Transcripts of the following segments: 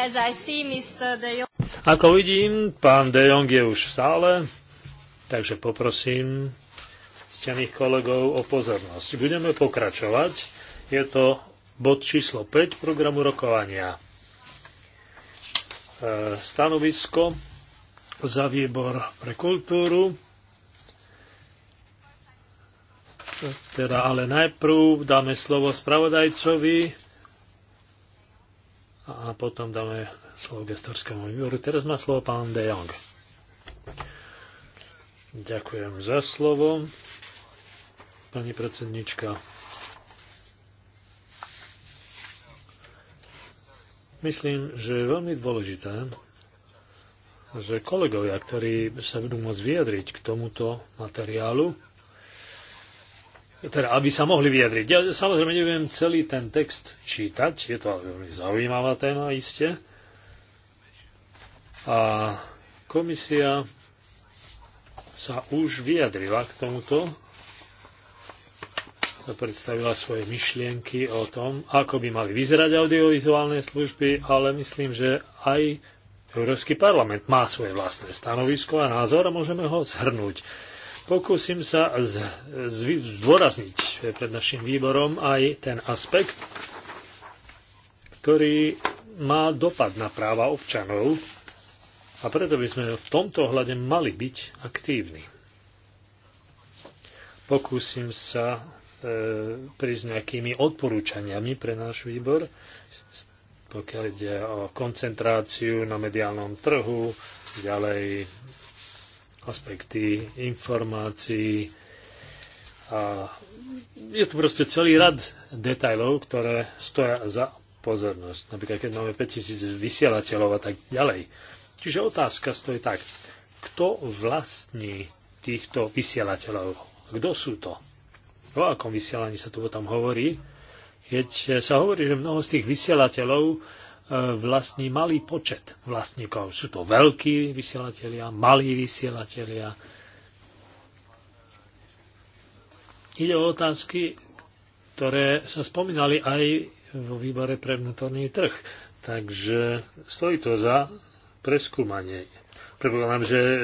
As I see, Mr. De Jong... Ako vidím, pán De Jong je už v sále, takže poprosím ctených kolegov o pozornosť. Budeme pokračovať. Je to bod číslo 5 programu rokovania. E, stanovisko za výbor pre kultúru. Teda ale najprv dáme slovo spravodajcovi a potom dáme slovo gestorskému výboru. Teraz má slovo pán De Jong. Ďakujem za slovo, pani predsednička. Myslím, že je veľmi dôležité, že kolegovia, ktorí sa budú môcť vyjadriť k tomuto materiálu, teda aby sa mohli vyjadriť. Ja samozrejme neviem celý ten text čítať, je to veľmi zaujímavá téma, iste. A komisia sa už vyjadrila k tomuto, predstavila svoje myšlienky o tom, ako by mali vyzerať audiovizuálne služby, ale myslím, že aj Európsky parlament má svoje vlastné stanovisko a názor a môžeme ho zhrnúť. Pokúsim sa zdôrazniť pred našim výborom aj ten aspekt, ktorý má dopad na práva občanov a preto by sme v tomto ohľade mali byť aktívni. Pokúsim sa e, prísť nejakými odporúčaniami pre náš výbor, pokiaľ ide o koncentráciu na mediálnom trhu, ďalej aspekty informácií a je tu proste celý rad detajlov, ktoré stoja za pozornosť. Napríklad, keď máme 5000 vysielateľov a tak ďalej. Čiže otázka stojí tak, kto vlastní týchto vysielateľov? Kto sú to? O akom vysielaní sa tu potom hovorí? Keď sa hovorí, že mnoho z tých vysielateľov E, vlastní malý počet vlastníkov. Sú to veľkí vysielatelia, malí vysielatelia. Ide o otázky, ktoré sa spomínali aj vo výbore pre vnútorný trh. Takže stojí to za preskúmanie. Prepovedám, že e,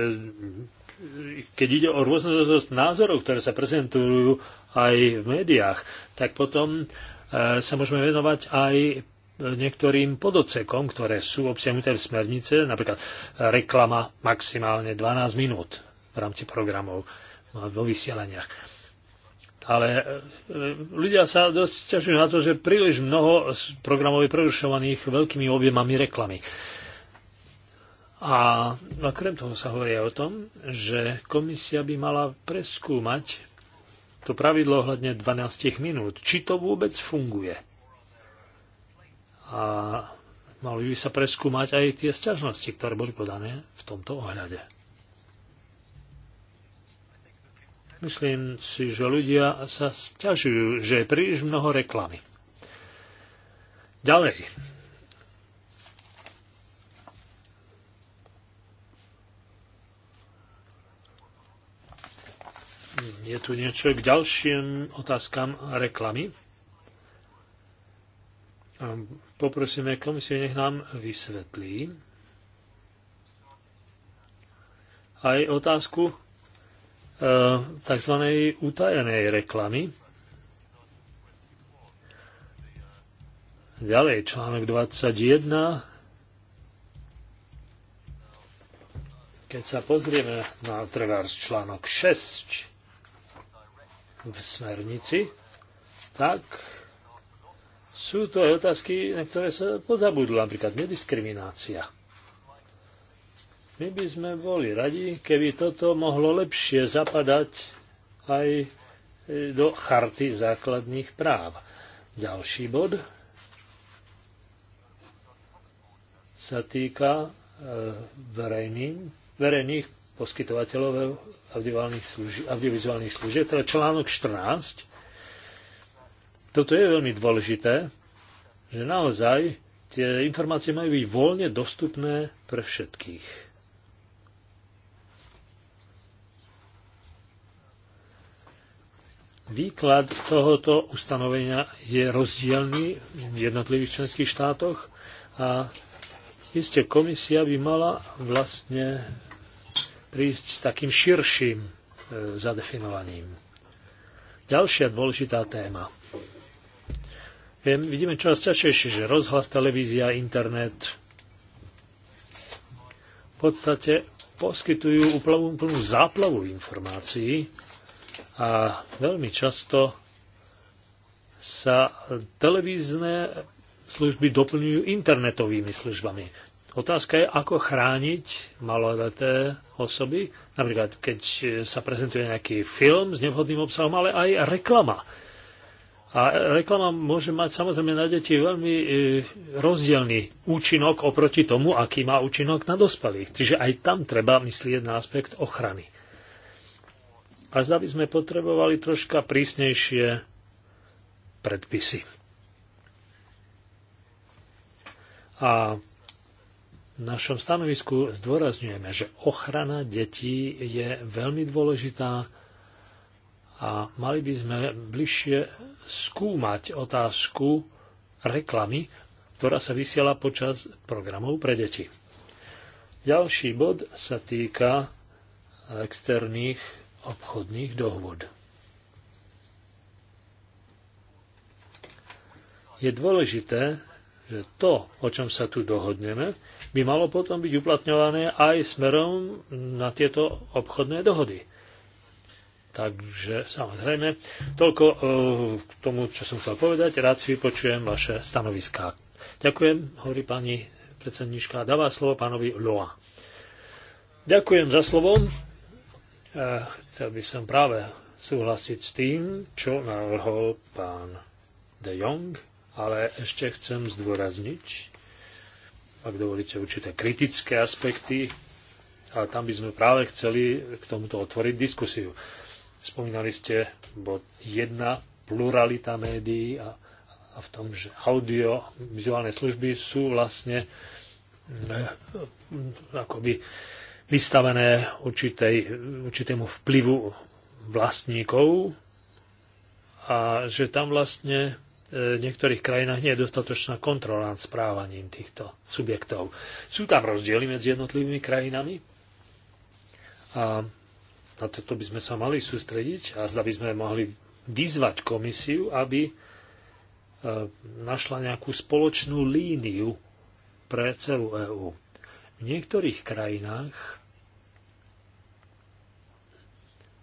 keď ide o rôzne názorov, ktoré sa prezentujú aj v médiách, tak potom e, sa môžeme venovať aj niektorým podocekom, ktoré sú obsiahnuté v smernice, napríklad reklama maximálne 12 minút v rámci programov vo vysielaniach. Ale e, ľudia sa dosť ťažujú na to, že príliš mnoho programov je prerušovaných veľkými objemami reklamy. A okrem toho sa hovorí o tom, že komisia by mala preskúmať to pravidlo ohľadne 12 minút, či to vôbec funguje a mali by sa preskúmať aj tie sťažnosti, ktoré boli podané v tomto ohľade. Myslím si, že ľudia sa sťažujú, že je príliš mnoho reklamy. Ďalej. Je tu niečo k ďalším otázkam reklamy. Ehm, Poprosíme komisiu, nech nám vysvetlí aj otázku e, tzv. utajenej reklamy. Ďalej, článok 21. Keď sa pozrieme na trvárs článok 6 v smernici, tak sú to aj otázky, na ktoré sa pozabudlo, napríklad nediskriminácia. My by sme boli radi, keby toto mohlo lepšie zapadať aj e, do charty základných práv. Ďalší bod sa týka e, verejných poskytovateľov audiovizuálnych služieb, teda článok 14 toto je veľmi dôležité, že naozaj tie informácie majú byť voľne dostupné pre všetkých. Výklad tohoto ustanovenia je rozdielný v jednotlivých členských štátoch a iste komisia by mala vlastne prísť s takým širším e, zadefinovaním. Ďalšia dôležitá téma vidíme čoraz ťažšie, že rozhlas, televízia, internet v podstate poskytujú úplnú, úplnú záplavu informácií a veľmi často sa televízne služby doplňujú internetovými službami. Otázka je, ako chrániť maloleté osoby, napríklad keď sa prezentuje nejaký film s nevhodným obsahom, ale aj reklama a reklama môže mať samozrejme na deti veľmi e, rozdielný účinok oproti tomu, aký má účinok na dospelých. Čiže aj tam treba myslieť na aspekt ochrany. A zda by sme potrebovali troška prísnejšie predpisy. A v našom stanovisku zdôrazňujeme, že ochrana detí je veľmi dôležitá a mali by sme bližšie skúmať otázku reklamy, ktorá sa vysiela počas programov pre deti. Ďalší bod sa týka externých obchodných dohôd. Je dôležité, že to, o čom sa tu dohodneme, by malo potom byť uplatňované aj smerom na tieto obchodné dohody. Takže samozrejme, toľko eh, k tomu, čo som chcel povedať. Rád si vypočujem vaše stanoviská. Ďakujem, hovorí pani predsednička. Dáva slovo pánovi Loa. Ďakujem za slovo. Eh, chcel by som práve súhlasiť s tým, čo navrhol pán De Jong, ale ešte chcem zdôrazniť, ak dovolíte, určité kritické aspekty, ale tam by sme práve chceli k tomuto otvoriť diskusiu. Spomínali ste bod jedna, pluralita médií a, a v tom, že audio, vizuálne služby sú vlastne ne, eh, akoby vystavené určitej, určitému vplyvu vlastníkov a že tam vlastne eh, v niektorých krajinách nie je dostatočná kontrola nad správaním týchto subjektov. Sú tam rozdiely medzi jednotlivými krajinami a na toto by sme sa mali sústrediť a zda by sme mohli vyzvať komisiu, aby e, našla nejakú spoločnú líniu pre celú EÚ. V niektorých krajinách,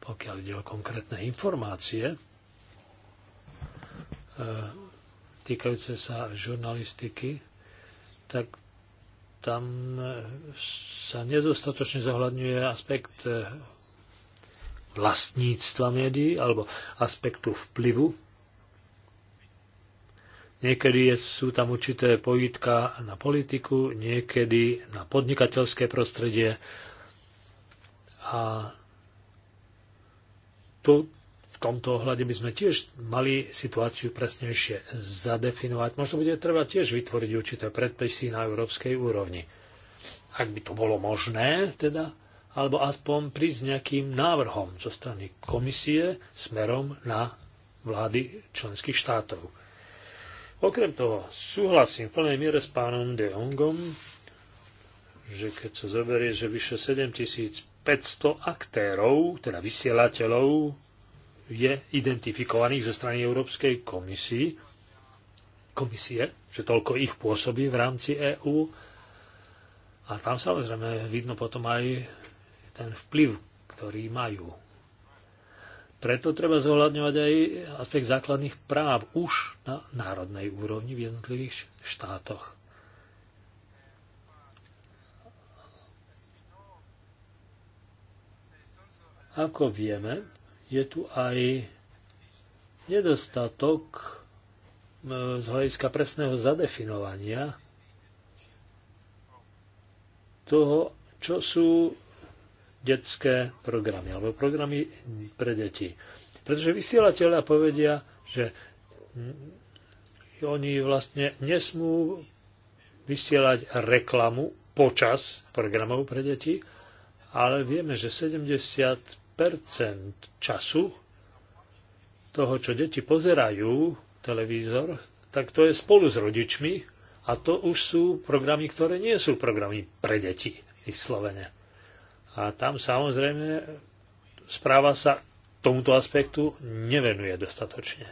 pokiaľ ide o konkrétne informácie, e, týkajúce sa žurnalistiky, tak tam sa nedostatočne zohľadňuje aspekt e, vlastníctva médií alebo aspektu vplyvu. Niekedy sú tam určité pojítka na politiku, niekedy na podnikateľské prostredie a tu v tomto ohľade by sme tiež mali situáciu presnejšie zadefinovať. Možno bude treba tiež vytvoriť určité predpisy na európskej úrovni. Ak by to bolo možné, teda, alebo aspoň prísť s nejakým návrhom zo strany komisie smerom na vlády členských štátov. Okrem toho, súhlasím v plnej miere s pánom De Hongom, že keď sa zoberie, že vyše 7500 aktérov, teda vysielateľov, je identifikovaných zo strany Európskej komisie, komisie, že toľko ich pôsobí v rámci EÚ, a tam samozrejme vidno potom aj ten vplyv, ktorý majú. Preto treba zohľadňovať aj aspekt základných práv už na národnej úrovni v jednotlivých štátoch. Ako vieme, je tu aj nedostatok e, z hľadiska presného zadefinovania toho, čo sú detské programy alebo programy pre deti. Pretože vysielateľa povedia, že mm, oni vlastne nesmú vysielať reklamu počas programov pre deti, ale vieme, že 70% času toho, čo deti pozerajú televízor, tak to je spolu s rodičmi a to už sú programy, ktoré nie sú programy pre deti, slovene. A tam samozrejme správa sa tomuto aspektu nevenuje dostatočne.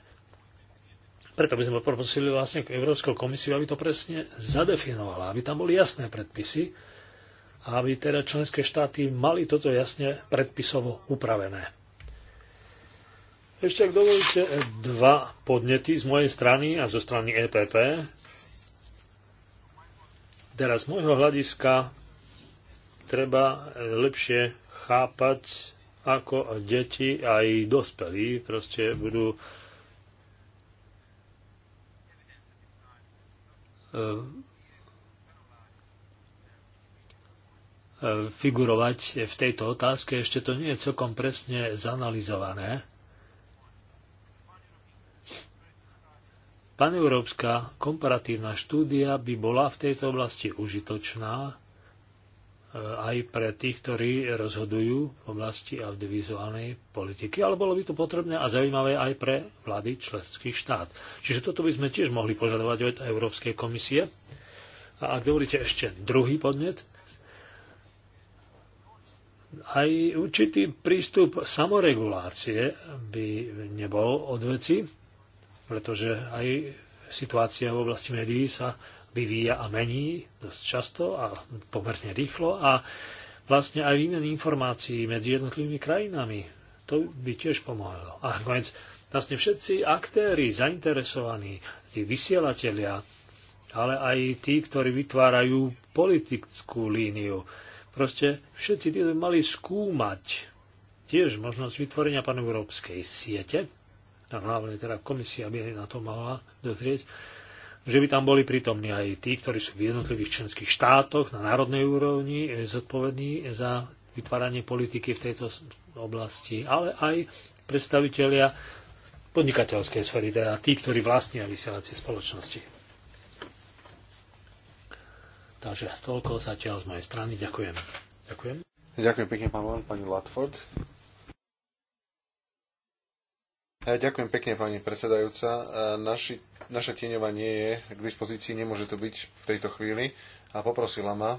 Preto by sme poprosili vlastne Európsku komisiu, aby to presne zadefinovala, aby tam boli jasné predpisy a aby teda členské štáty mali toto jasne predpisovo upravené. Ešte, ak dovolíte, dva podnety z mojej strany a zo strany EPP. Teraz z môjho hľadiska treba lepšie chápať, ako deti aj dospelí proste budú e, e, figurovať v tejto otázke. Ešte to nie je celkom presne zanalizované. Paneurópska komparatívna štúdia by bola v tejto oblasti užitočná Eh, aj pre tých, ktorí rozhodujú v oblasti audiovizuálnej politiky, ale bolo by to potrebné a zaujímavé aj pre vlády členských štát. Čiže toto by sme tiež mohli požadovať od Európskej komisie. A ak dovolíte ešte druhý podnet, aj určitý prístup samoregulácie by nebol odveci, pretože aj situácia v oblasti médií sa vyvíja a mení dosť často a pomerne rýchlo a vlastne aj výmeny informácií medzi jednotlivými krajinami. To by tiež pomohlo. A nakoniec vlastne všetci aktéry zainteresovaní, tí vysielatelia, ale aj tí, ktorí vytvárajú politickú líniu. Proste všetci tí by mali skúmať tiež možnosť vytvorenia paneurópskej siete, a hlavne teda komisia by na to mala dozrieť, že by tam boli prítomní aj tí, ktorí sú v jednotlivých členských štátoch na národnej úrovni e, zodpovední za vytváranie politiky v tejto oblasti, ale aj predstavitelia podnikateľskej sféry, teda tí, ktorí vlastnia vysielacie spoločnosti. Takže toľko zatiaľ z mojej strany. Ďakujem. Ďakujem. Ďakujem pekne, pán pani Latford. E, ďakujem pekne, pani predsedajúca. E, naši, naša tieňova nie je k dispozícii, nemôže to byť v tejto chvíli a poprosila ma,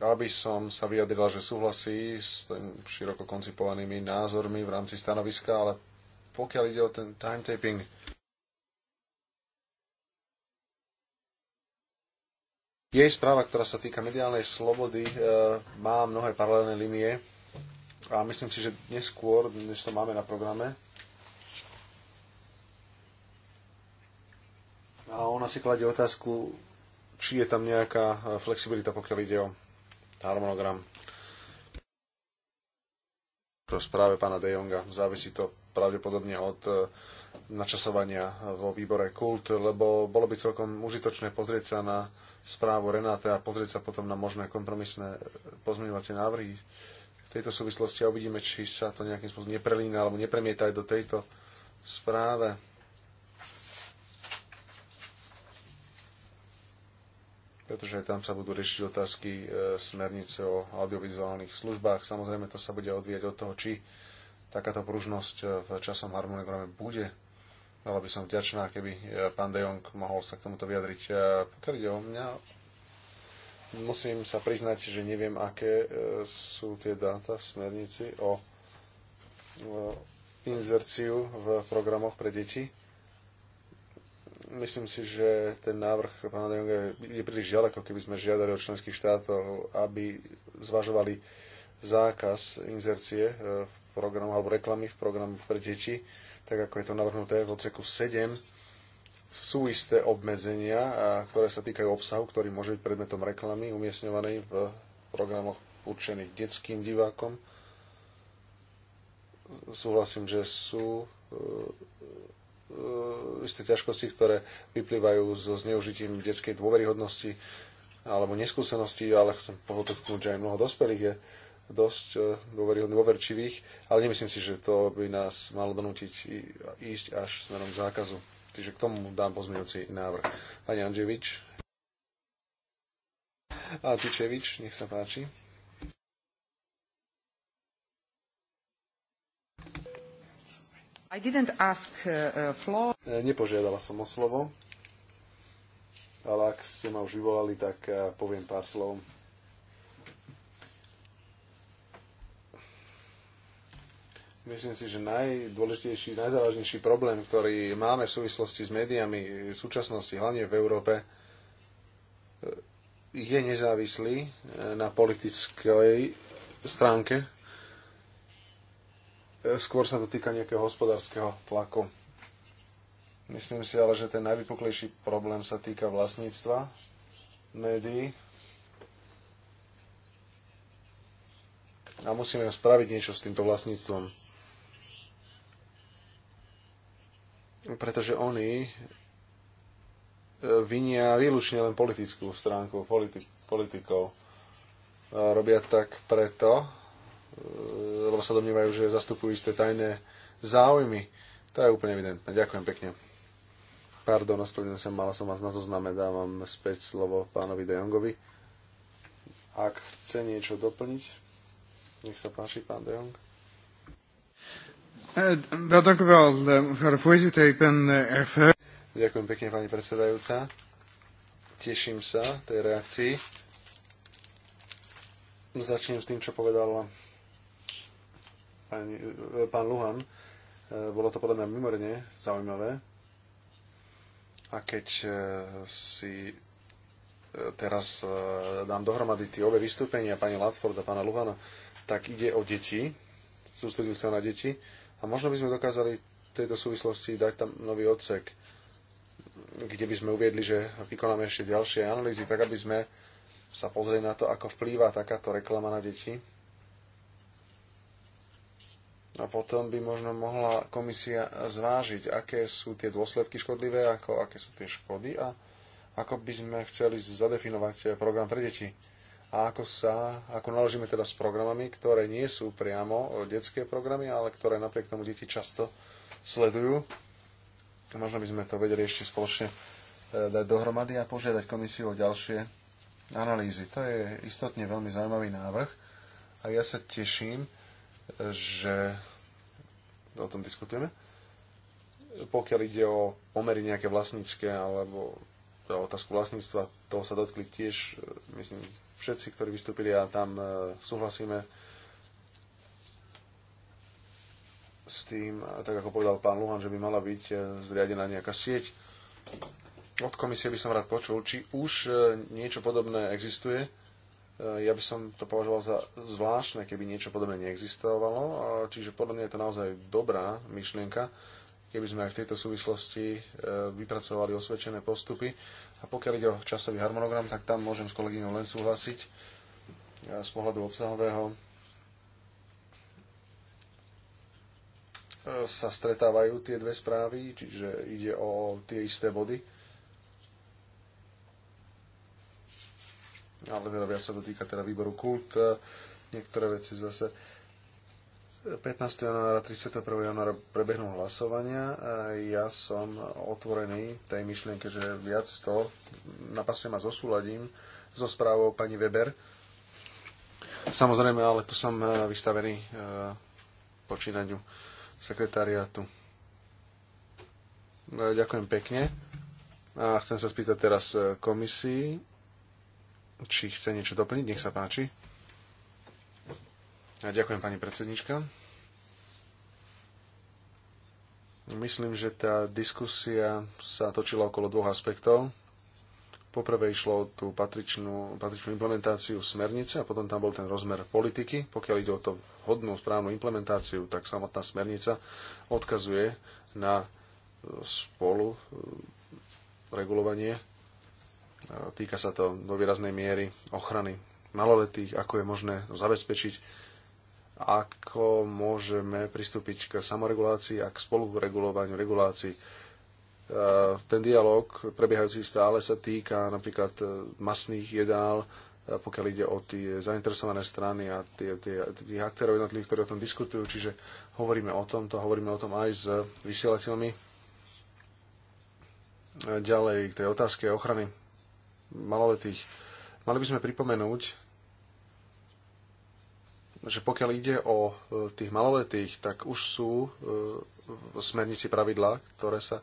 aby som sa vyjadrila, že súhlasí s tým široko koncipovanými názormi v rámci stanoviska, ale pokiaľ ide o ten timetaping, jej správa, ktorá sa týka mediálnej slobody, e, má mnohé paralelné linie a myslím si, že neskôr, než to máme na programe, a ona si kladie otázku, či je tam nejaká e, flexibilita, pokiaľ ide o harmonogram. Pro správe pána De Jonga závisí to pravdepodobne od e, načasovania vo výbore Kult, lebo bolo by celkom užitočné pozrieť sa na správu Renáte a pozrieť sa potom na možné kompromisné e, pozmeňovacie návrhy, tejto súvislosti a uvidíme, či sa to nejakým spôsobom neprelína alebo nepremieta aj do tejto správe. pretože aj tam sa budú riešiť otázky e, smernice o audiovizuálnych službách. Samozrejme, to sa bude odvíjať od toho, či takáto pružnosť e, v časom harmonograme bude. Ale by som vďačná, keby e, pán De Jong mohol sa k tomuto vyjadriť. E, pokiaľ ide o mňa, Musím sa priznať, že neviem, aké e, sú tie dáta v smernici o inzerciu v programoch pre deti. Myslím si, že ten návrh pána Jonga je príliš ďaleko, keby sme žiadali od členských štátov, aby zvažovali zákaz inzercie e, v programu alebo reklamy v programu pre deti, tak ako je to navrhnuté v odseku 7 sú isté obmedzenia, ktoré sa týkajú obsahu, ktorý môže byť predmetom reklamy umiestňovanej v programoch určených detským divákom. Súhlasím, že sú e, e, isté ťažkosti, ktoré vyplývajú so zneužitím detskej dôveryhodnosti alebo neskúsenosti, ale chcem podotknúť, že aj mnoho dospelých je dosť e, dôveryhodných, dôverčivých, ale nemyslím si, že to by nás malo donútiť ísť až smerom zákazu. Čiže k tomu dám pozmeňujúci návrh. Pani Andževič. A Tičevič, nech sa páči. I didn't ask, uh, uh floor. E, nepožiadala som o slovo, ale ak ste ma už vyvolali, tak e, poviem pár slov. Myslím si, že najdôležitejší, najzávažnejší problém, ktorý máme v súvislosti s médiami v súčasnosti, hlavne v Európe, e, je nezávislý e, na politickej stránke. E, skôr sa to týka nejakého hospodárskeho tlaku. Myslím si ale, že ten najvypuklejší problém sa týka vlastníctva médií. A musíme spraviť niečo s týmto vlastníctvom. pretože oni e, vinia výlučne len politickú stránku politi- politikov. Robia tak preto, e, lebo sa domnievajú, že zastupujú isté tajné záujmy. To je úplne evidentné. Ďakujem pekne. Pardon, ospravedlňujem sa, mala som vás na zozname, dávam späť slovo pánovi De Jongovi. Ak chce niečo doplniť, nech sa páči, pán De Jong. Ďakujem pekne, pani predsedajúca. Teším sa tej reakcii. Začnem s tým, čo povedal pani, eh, pán Luhan. Eh, bolo to podľa mňa mimoriadne zaujímavé. A keď eh, si teraz dám dohromady tie obe vystúpenia pani Latford a pána Luhana, tak ide o deti. Sústredil sa na deti a možno by sme dokázali v tejto súvislosti dať tam nový odsek, kde by sme uviedli, že vykonáme ešte ďalšie analýzy, tak aby sme sa pozreli na to, ako vplýva takáto reklama na deti. A potom by možno mohla komisia zvážiť, aké sú tie dôsledky škodlivé, ako, aké sú tie škody a ako by sme chceli zadefinovať program pre deti a ako sa, ako naložíme teda s programami, ktoré nie sú priamo detské programy, ale ktoré napriek tomu deti často sledujú. Možno by sme to vedeli ešte spoločne e, dať dohromady a požiadať komisiu o ďalšie analýzy. To je istotne veľmi zaujímavý návrh a ja sa teším, e, že o tom diskutujeme. Pokiaľ ide o pomery nejaké vlastnícke alebo teda otázku vlastníctva, toho sa dotkli tiež, e, myslím, všetci, ktorí vystúpili a tam e, súhlasíme s tým, tak ako povedal pán Luhan, že by mala byť e, zriadená nejaká sieť. Od komisie by som rád počul, či už e, niečo podobné existuje. Ja by som to považoval za zvláštne, keby niečo podobné neexistovalo. Čiže podľa mňa je to naozaj dobrá myšlienka, keby sme aj v tejto súvislosti vypracovali osvedčené postupy a pokiaľ ide o časový harmonogram, tak tam môžem s kolegyňou len súhlasiť e, z pohľadu obsahového. E, sa stretávajú tie dve správy, čiže ide o tie isté body. Ale teda viac sa dotýka teda výboru kult. E, niektoré veci zase 15. januára, 31. januára prebehnú hlasovania. Ja som otvorený tej myšlienke, že viac to napasujem a zosúladím so správou pani Weber. Samozrejme, ale tu som e, vystavený e, počínaniu sekretariátu. E, ďakujem pekne. A chcem sa spýtať teraz komisii, či chce niečo doplniť. Nech sa páči. Ďakujem, pani predsednička. Myslím, že tá diskusia sa točila okolo dvoch aspektov. Poprvé išlo o tú patričnú, patričnú implementáciu smernice a potom tam bol ten rozmer politiky. Pokiaľ ide o to hodnú, správnu implementáciu, tak samotná smernica odkazuje na spolu e, regulovanie. E, týka sa to do výraznej miery ochrany maloletých, ako je možné zabezpečiť ako môžeme pristúpiť k samoregulácii a k spoluregulovaniu regulácií. E, ten dialog, prebiehajúci stále, sa týka napríklad e, masných jedál, e, pokiaľ ide o tie zainteresované strany a tie, tie, tých aktérov jednotlivých, ktorí o tom diskutujú. Čiže hovoríme o tom to hovoríme o tom aj s vysielateľmi. Ďalej k tej otázke ochrany maloletých. Mali by sme pripomenúť že pokiaľ ide o e, tých maloletých, tak už sú e, v smernici pravidlá, ktoré sa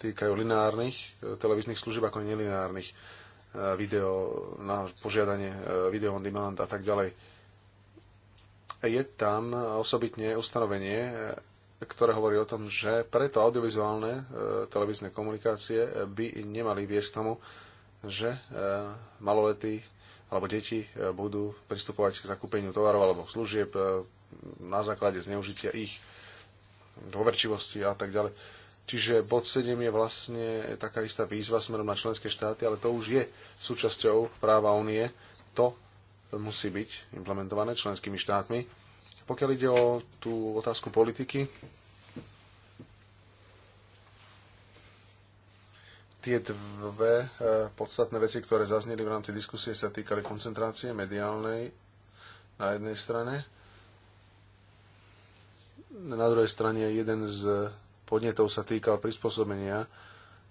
týkajú lineárnych e, televíznych služieb ako nelineárnych video na požiadanie video on demand a tak ďalej. Je tam osobitne ustanovenie, ktoré hovorí o tom, že preto audiovizuálne televízne komunikácie by nemali viesť k tomu, že maloletí alebo deti e, budú pristupovať k zakúpeniu tovarov alebo služieb e, na základe zneužitia ich dôverčivosti a tak ďalej. Čiže bod 7 je vlastne taká istá výzva smerom na členské štáty, ale to už je súčasťou práva únie. To musí byť implementované členskými štátmi. Pokiaľ ide o tú otázku politiky, Tie dve e, podstatné veci, ktoré zazneli v rámci diskusie, sa týkali koncentrácie mediálnej na jednej strane. Na druhej strane jeden z podnetov sa týkal prispôsobenia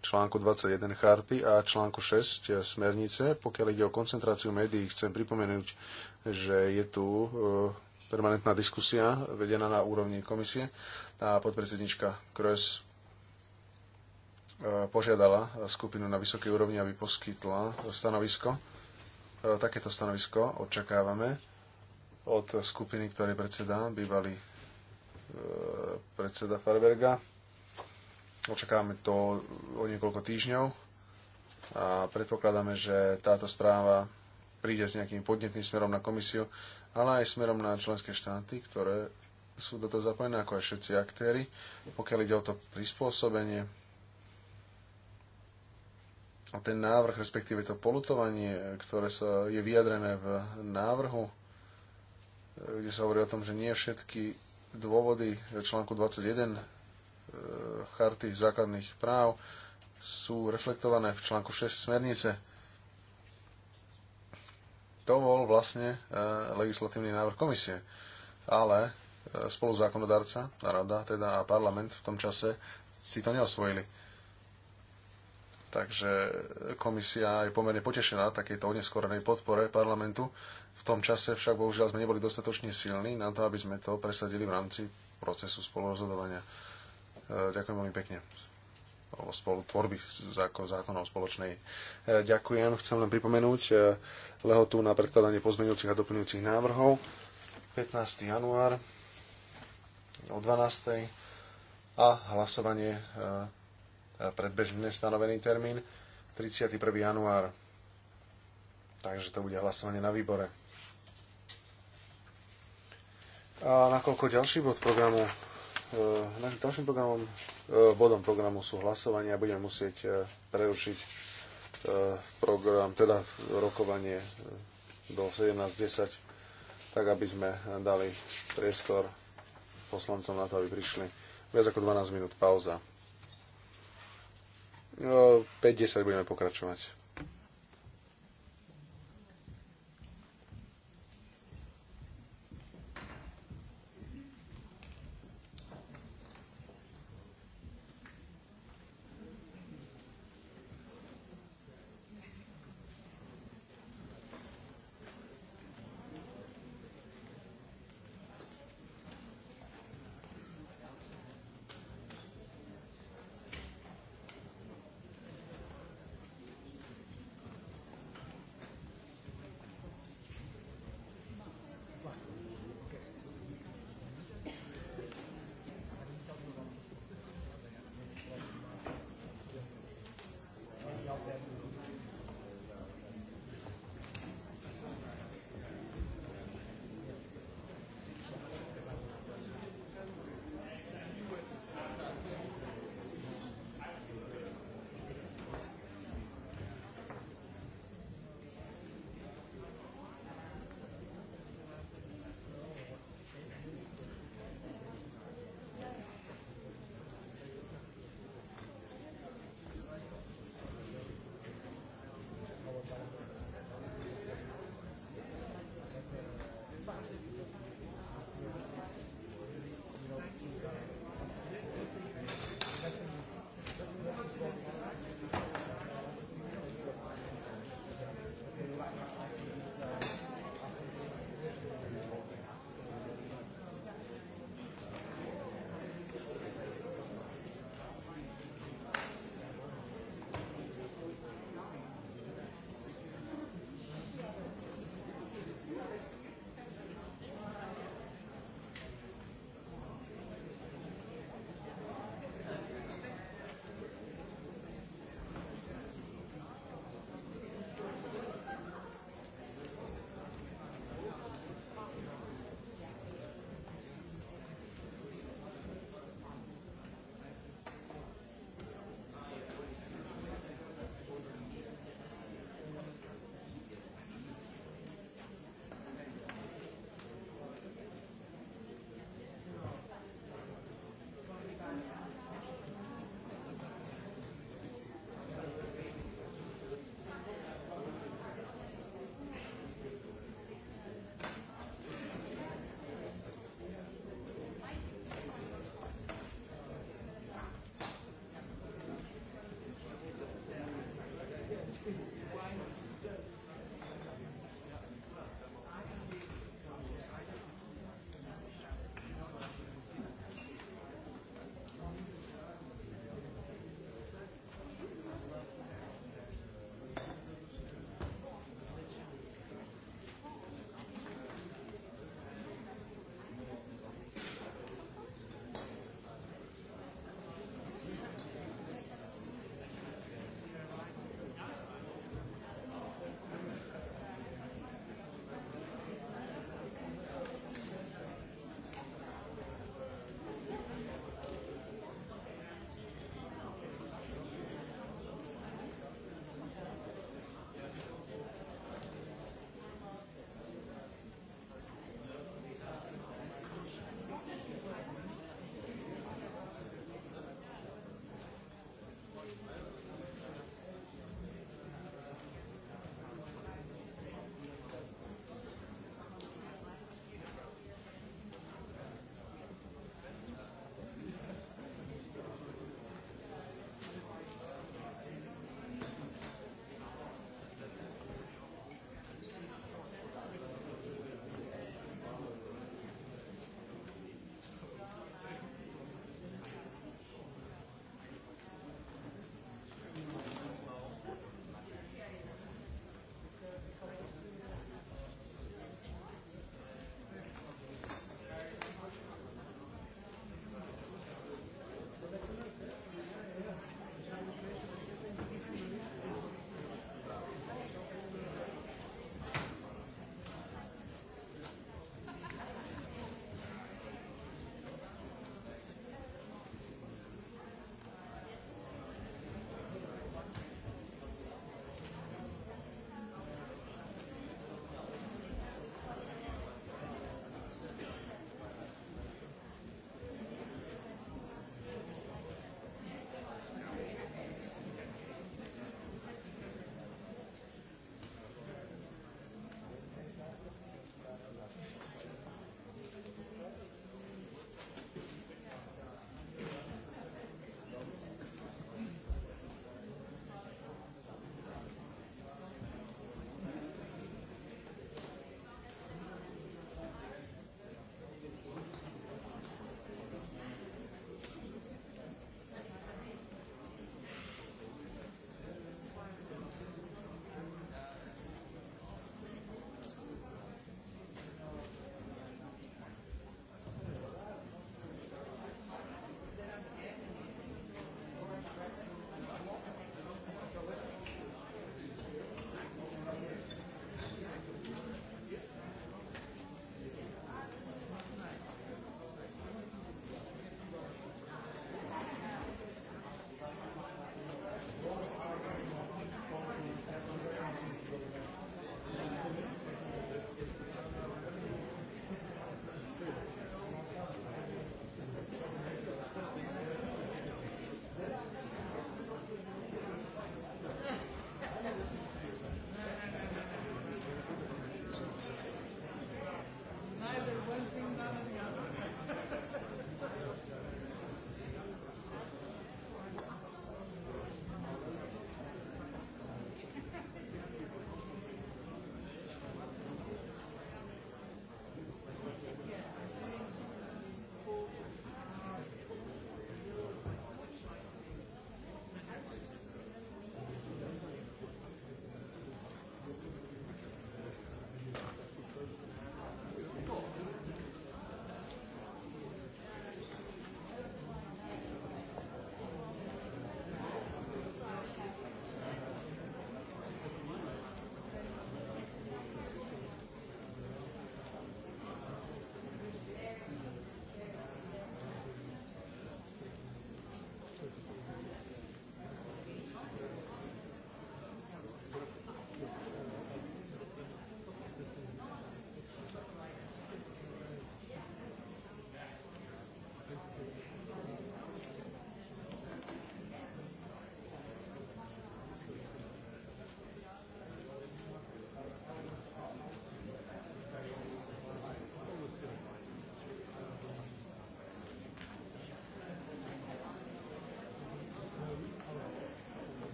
článku 21 charty a článku 6 smernice. Pokiaľ ide o koncentráciu médií, chcem pripomenúť, že je tu e, permanentná diskusia vedená na úrovni komisie. Tá podpredsednička Kroes. E, požiadala skupinu na vysokej úrovni, aby poskytla stanovisko. E, takéto stanovisko očakávame od skupiny, ktorej predseda bývalý e, predseda Farberga. Očakávame to o niekoľko týždňov a predpokladáme, že táto správa príde s nejakým podnetným smerom na komisiu, ale aj smerom na členské štáty, ktoré sú do toho zapojené, ako aj všetci aktéry, pokiaľ ide o to prispôsobenie ten návrh, respektíve to polutovanie, ktoré sa je vyjadrené v návrhu, e, kde sa hovorí o tom, že nie všetky dôvody článku 21 e, charty základných práv sú reflektované v článku 6 smernice. To bol vlastne e, legislatívny návrh komisie. Ale spoluzákonodárca, rada teda a parlament v tom čase si to neosvojili Takže komisia je pomerne potešená takejto oneskorenej podpore parlamentu. V tom čase však bohužiaľ sme neboli dostatočne silní na to, aby sme to presadili v rámci procesu spolurozhodovania. E, ďakujem veľmi pekne. o spolu tvorby zákonov spoločnej. E, ďakujem. Chcem len pripomenúť e, lehotu na predkladanie pozmeňujúcich a doplňujúcich návrhov. 15. január o 12. a hlasovanie predbežne stanovený termín 31. január. Takže to bude hlasovanie na výbore. A nakoľko ďalší bod programu, e, našim ďalším programom, e, bodom programu sú hlasovania, budeme musieť e, prerušiť program, teda rokovanie do 17.10, tak aby sme dali priestor poslancom na to, aby prišli. Viac ako 12 minút pauza. O no, 5.10 budeme pokračovať.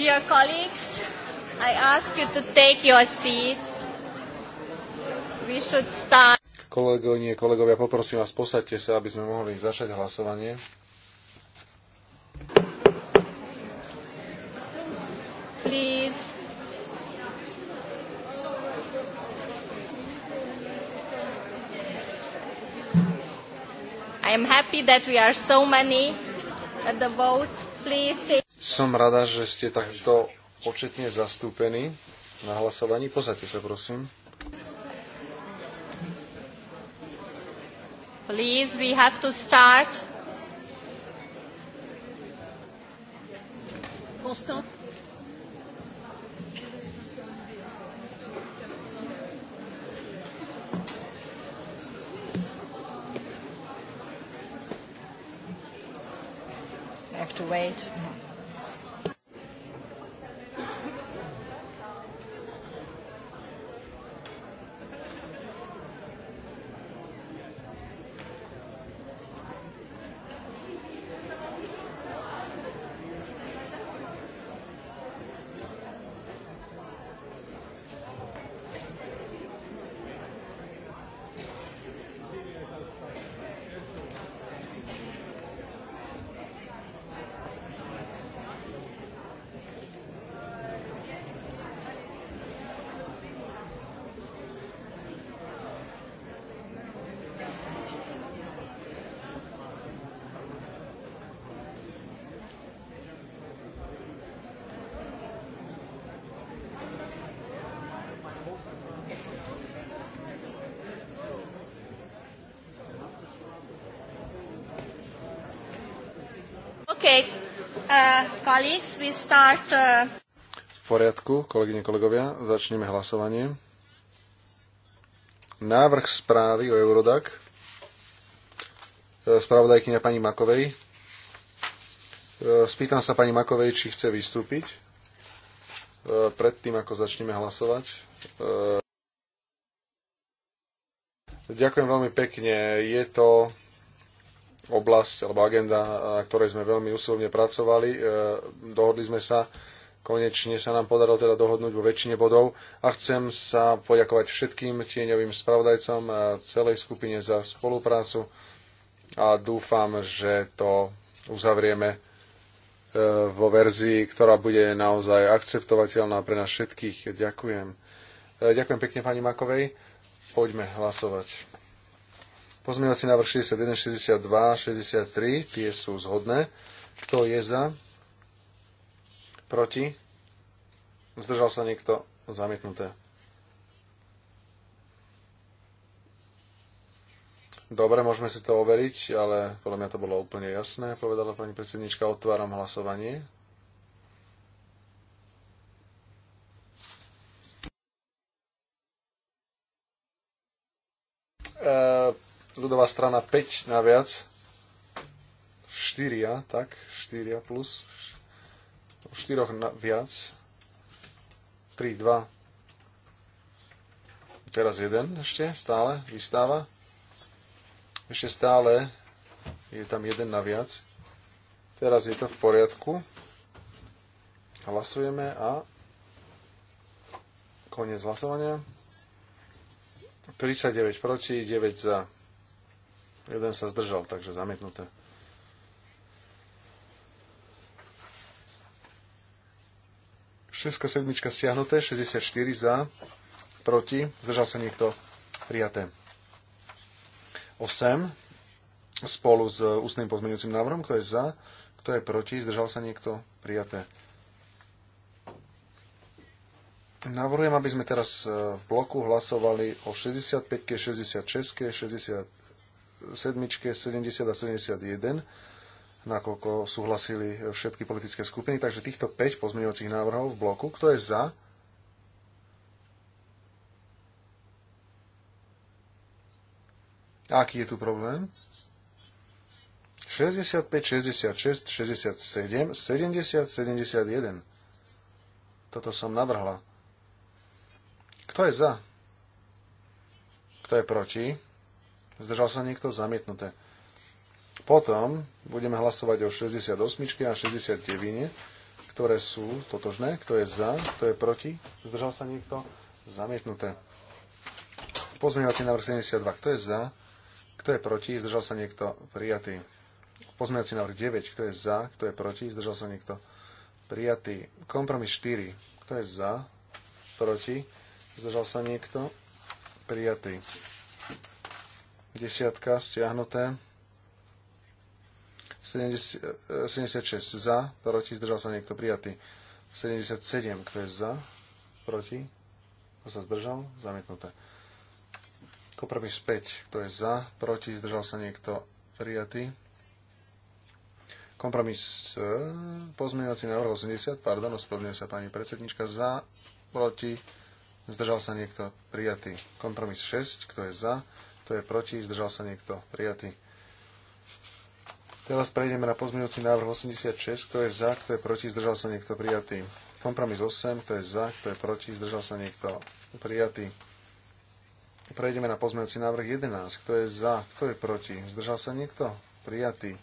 Dear colleagues, I ask you to take your seats. We should start. Kolegovia, kolegovia, poprosím vás, posaďte sa, aby sme mohli začať hlasovanie. Please. I am happy that we are so many at the votes. Please take som rada, že ste takto početne zastúpení na hlasovaní. Pozrite sa, prosím. Please, we have to start. Constant. I have to wait. colleagues, we start... Uh, v poriadku, kolegyne, kolegovia, začneme hlasovanie. Návrh správy o Eurodac. E, Spravodajkynia pani Makovej. E, spýtam sa pani Makovej, či chce vystúpiť e, predtým, ako začneme hlasovať. Ďakujem veľmi pekne. Je to oblasť alebo agenda, na ktorej sme veľmi usilovne pracovali. E, dohodli sme sa, konečne sa nám podarilo teda dohodnúť vo väčšine bodov a chcem sa poďakovať všetkým tieňovým spravodajcom e, celej skupine za spoluprácu a dúfam, že to uzavrieme e, vo verzii, ktorá bude naozaj akceptovateľná pre nás všetkých. Ďakujem. Ďakujem pekne pani Makovej. Poďme hlasovať. Pozmeňovací návrh 61, 62, 63, tie sú zhodné. Kto je za? Proti? Zdržal sa niekto? Zamietnuté. Dobre, môžeme si to overiť, ale podľa mňa to bolo úplne jasné, povedala pani predsednička. Otváram hlasovanie. Uh, ľudová strana 5 na viac, 4, tak, 4 plus, 4 na viac, 3, 2, teraz 1 ešte, stále, vystáva, ešte stále je tam 1 na viac, teraz je to v poriadku, hlasujeme a koniec hlasovania, 39 proti, 9 za. Jeden sa zdržal, takže zamietnuté. Šeska sedmička stiahnuté, 64 za, proti, zdržal sa niekto, prijaté. 8 spolu s ústnym pozmeňujúcim návrhom, kto je za, kto je proti, zdržal sa niekto, prijaté. Navrhujem, aby sme teraz eh, v bloku hlasovali o 65, 66, 60, sedmičke 70 a 71, nakoľko súhlasili všetky politické skupiny. Takže týchto 5 pozmeňovacích návrhov v bloku. Kto je za? Aký je tu problém? 65, 66, 67, 70, 71. Toto som navrhla. Kto je za? Kto je proti? Zdržal sa niekto? Zamietnuté. Potom budeme hlasovať o 68 a 69, ktoré sú totožné. Kto je za? Kto je proti? Zdržal sa niekto? Zamietnuté. Pozmeňovací návrh 72. Kto je za? Kto je proti? Zdržal sa niekto? Prijatý. Pozmeňovací návrh 9. Kto je za? Kto je proti? Zdržal sa niekto? Prijatý. Kompromis 4. Kto je za? Proti? Zdržal sa niekto? Prijatý desiatka stiahnuté. 70, 76 e, za, proti, zdržal sa niekto prijatý. 77, kto je za, proti, kto sa zdržal, zamietnuté. Kompromis 5, kto je za, proti, zdržal sa niekto prijatý. Kompromis e, pozmeňovací návrh 80, pardon, ospravedlňuje sa pani predsednička, za, proti, zdržal sa niekto prijatý. Kompromis 6, kto je za, kto je proti? Zdržal sa niekto? Prijatý. Teraz prejdeme na pozmeňujúci návrh 86. Kto je za? Kto je proti? Zdržal sa niekto? Prijatý. Kompromis 8. Kto je za? Kto je proti? Zdržal sa niekto? Prijatý. Prejdeme na pozmeňujúci návrh 11. Kto je za? Kto je proti? Zdržal sa niekto? Prijatý.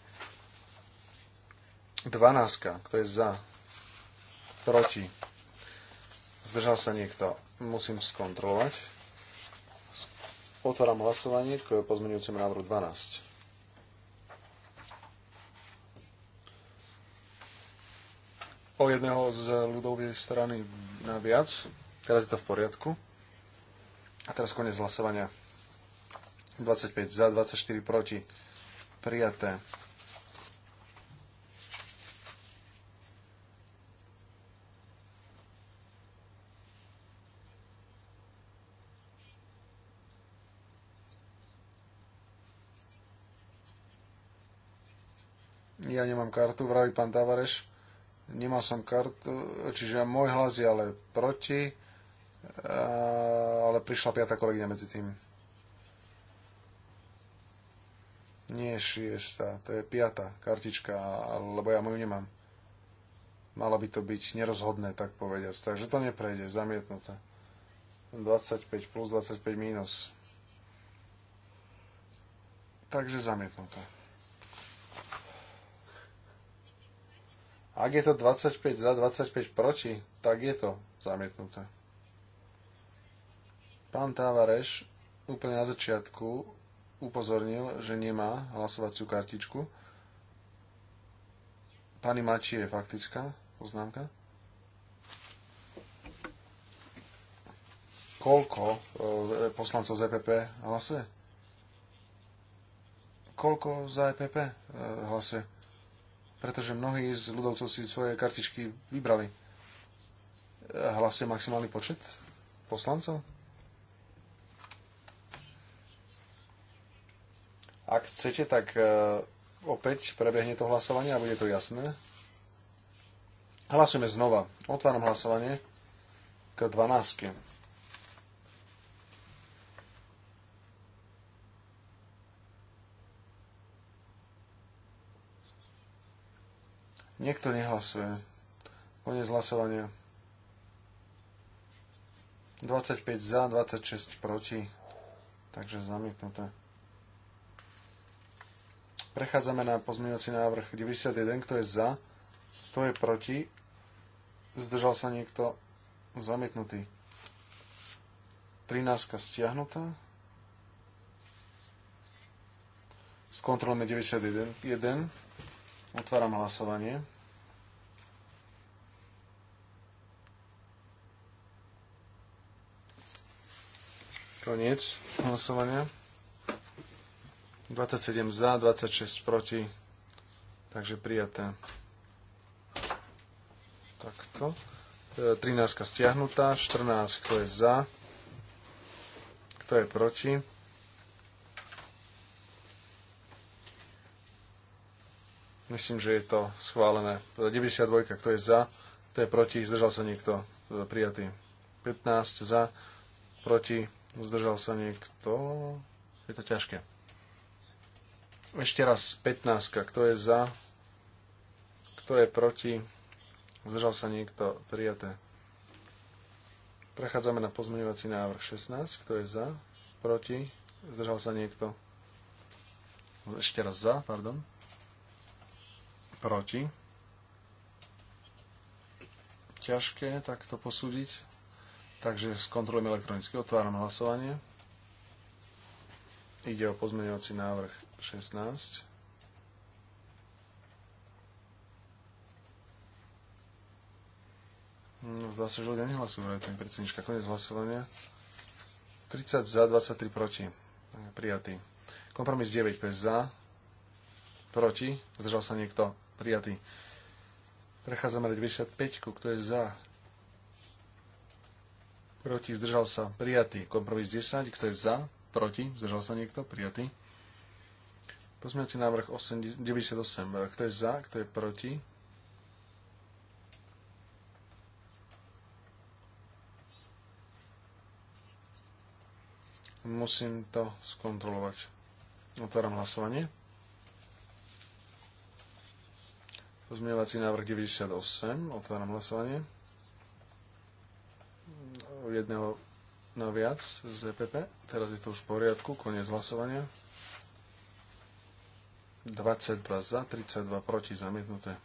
12. Kto je za? Proti? Zdržal sa niekto? Musím skontrolovať. Otváram hlasovanie k pozmeňujúcemu návrhu 12. O jedného z ľudovej strany na viac. Teraz je to v poriadku. A teraz koniec hlasovania. 25 za, 24 proti. Prijaté. ja nemám kartu, vraví pán Tavareš. Nemal som kartu, čiže môj hlas je ale proti, e, ale prišla piata kolegyňa medzi tým. Nie šiesta, to je piata kartička, lebo ja moju nemám. Malo by to byť nerozhodné, tak povediať. Takže to neprejde, zamietnuté. 25 plus 25 minus. Takže zamietnuté. Ak je to 25 za, 25 proti, tak je to zamietnuté. Pán Tavareš úplne na začiatku upozornil, že nemá hlasovaciu kartičku. Pani Mači je faktická poznámka. Koľko eh, poslancov z EPP hlasuje? Koľko za EPP eh, hlasuje? pretože mnohí z ľudovcov si svoje kartičky vybrali. Hlasuje maximálny počet poslancov? Ak chcete, tak e, opäť prebehne to hlasovanie a bude to jasné. Hlasujeme znova. Otváram hlasovanie k 12. Niekto nehlasuje. Konec hlasovania. 25 za, 26 proti. Takže zamietnuté. Prechádzame na pozmeňovací návrh 91. Kto je za? Kto je proti? Zdržal sa niekto? Zamietnutý. 13. stiahnutá. Skontrolujeme 91. Otváram hlasovanie. Koniec hlasovania. 27 za, 26 proti. Takže prijaté. Takto. 13 e, stiahnutá, 14 kto je za, kto je proti. Myslím, že je to schválené. 92, teda kto je za, kto je proti, zdržal sa niekto, e, prijatý. 15 za, proti, zdržal sa niekto. Je to ťažké. Ešte raz 15, kto je za, kto je proti, zdržal sa niekto, prijaté. Prechádzame na pozmeňovací návrh 16, kto je za, proti, zdržal sa niekto. Ešte raz za, pardon proti. Ťažké takto posúdiť, takže skontrolujeme elektronicky. Otváram hlasovanie. Ide o pozmeňovací návrh 16. No, zdá sa, že ľudia nehlasujú, vraj pani predsednička. Konec hlasovania. 30 za, 23 proti. Prijatý. Kompromis 9, to je za. Proti. Zdržal sa niekto prijatý. Prechádzame na 95, kto je za, proti, zdržal sa, prijatý. Kompromis 10, kto je za, proti, zdržal sa niekto, prijatý. Pozmeňujúci návrh 8, 98, kto je za, kto je proti, Musím to skontrolovať. Otváram hlasovanie. Pozmievací návrh 98. Otváram hlasovanie. Jedného na viac z EPP. Teraz je to už v poriadku. Koniec hlasovania. 22 za, 32 proti, zamietnuté.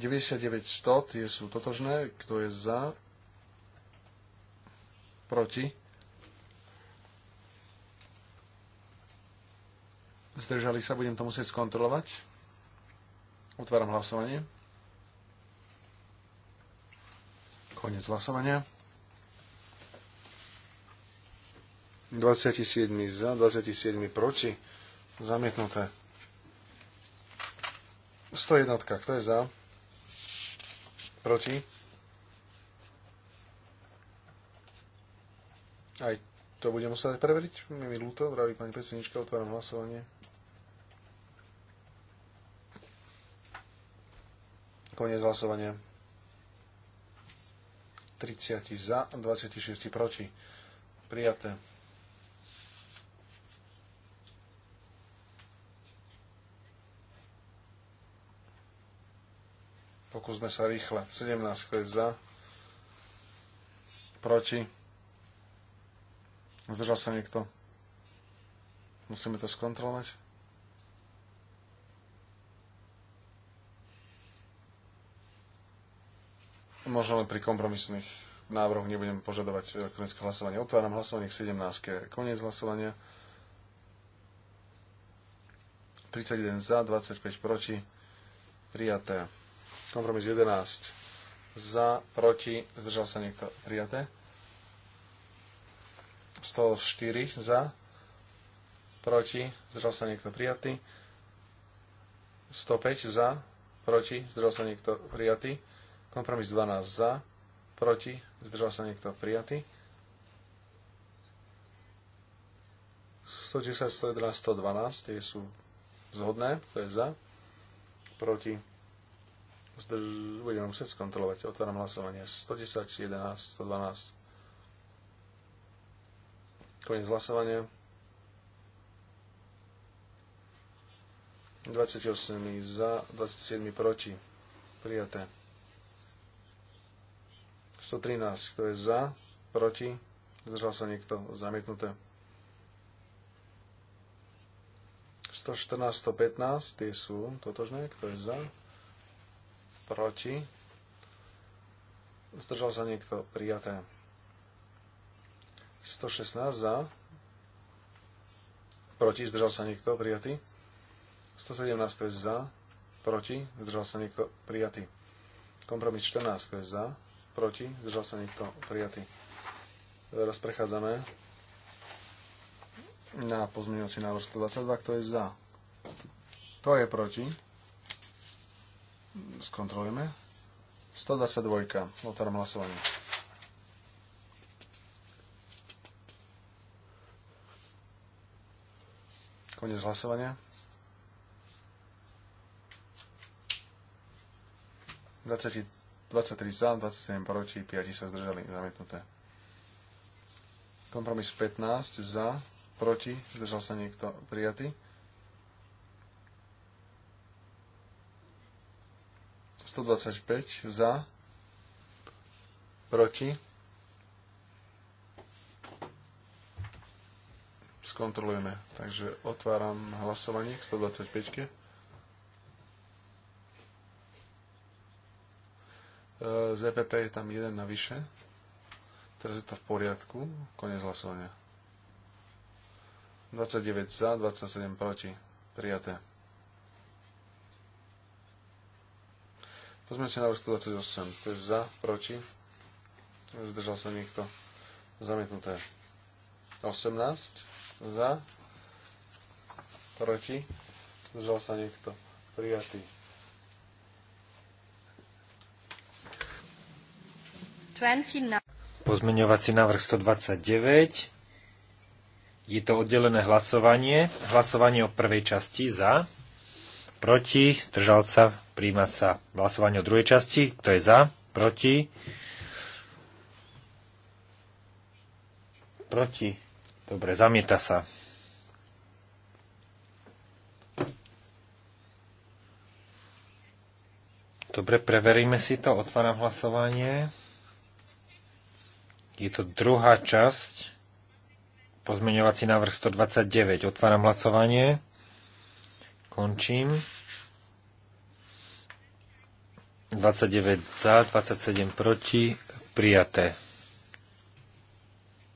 99 100, tie sú totožné. Kto je za? Proti? Zdržali sa, budem to musieť skontrolovať. Otváram hlasovanie. Konec hlasovania. 27 za, 27 proti. Zamietnuté. 101. Kto je za? Proti? Aj to budem musieť preveriť. Mi ľúto, vraví pani predsednička, otváram hlasovanie. Koniec hlasovania. 30 za, 26 proti. Prijaté. Pokúsme sa rýchle. 17, za, proti. Zdržal sa niekto. Musíme to skontrolovať. Možno len pri kompromisných návrhoch nebudem požadovať elektronické hlasovanie. Otváram hlasovanie k 17. Koniec hlasovania. 31 za, 25 proti. Prijaté. Kompromis 11 za, proti. Zdržal sa niekto. Prijaté. 104 za, proti. Zdržal sa niekto. Prijatý. 105 za, proti. Zdržal sa niekto. Prijatý. Kompromis 12 za, proti, zdržal sa niekto prijatý. 110, 111, 112, tie sú zhodné, to je za, proti, zdrž... budeme musieť skontrolovať, otváram hlasovanie, 110, 11, 112. Koniec hlasovania. 28 za, 27 proti. Prijaté. 113, kto je za, proti, zdržal sa niekto, zamietnuté. 114, 115, tie sú totožné, kto je za, proti, zdržal sa niekto, prijaté. 116 za, proti, zdržal sa niekto, prijatý. 117 to je za, proti, zdržal sa niekto, prijatý. Kompromis 14 to je za, proti, zdržal sa niekto prijatý. Teraz prechádzame na pozmeňovací návrh 122, kto je za. To je proti. Skontrolujeme. 122. Otváram hlasovanie. Konec hlasovania. 23 23 za, 27 proti, 5 sa zdržali, zamietnuté. Kompromis 15 za, proti, zdržal sa niekto, prijatý. 125 za, proti. Skontrolujeme. Takže otváram hlasovanie k 125. Eh, z EPP je tam jeden navyše. Teraz je to v poriadku. Konec hlasovania. 29 za, 27 proti. Prijaté. Pozme si na 28. To je za, proti. Zdržal sa niekto. Zamietnuté. 18 za, proti. Zdržal sa niekto. Prijatý. Pozmeňovací návrh 129. Je to oddelené hlasovanie. Hlasovanie o prvej časti za. Proti. Zdržal sa. Príjma sa hlasovanie o druhej časti. Kto je za? Proti. Proti. Dobre, zamieta sa. Dobre, preveríme si to. Otváram hlasovanie. Je to druhá časť, pozmeňovací návrh 129. Otváram hlasovanie. Končím. 29 za, 27 proti, prijaté.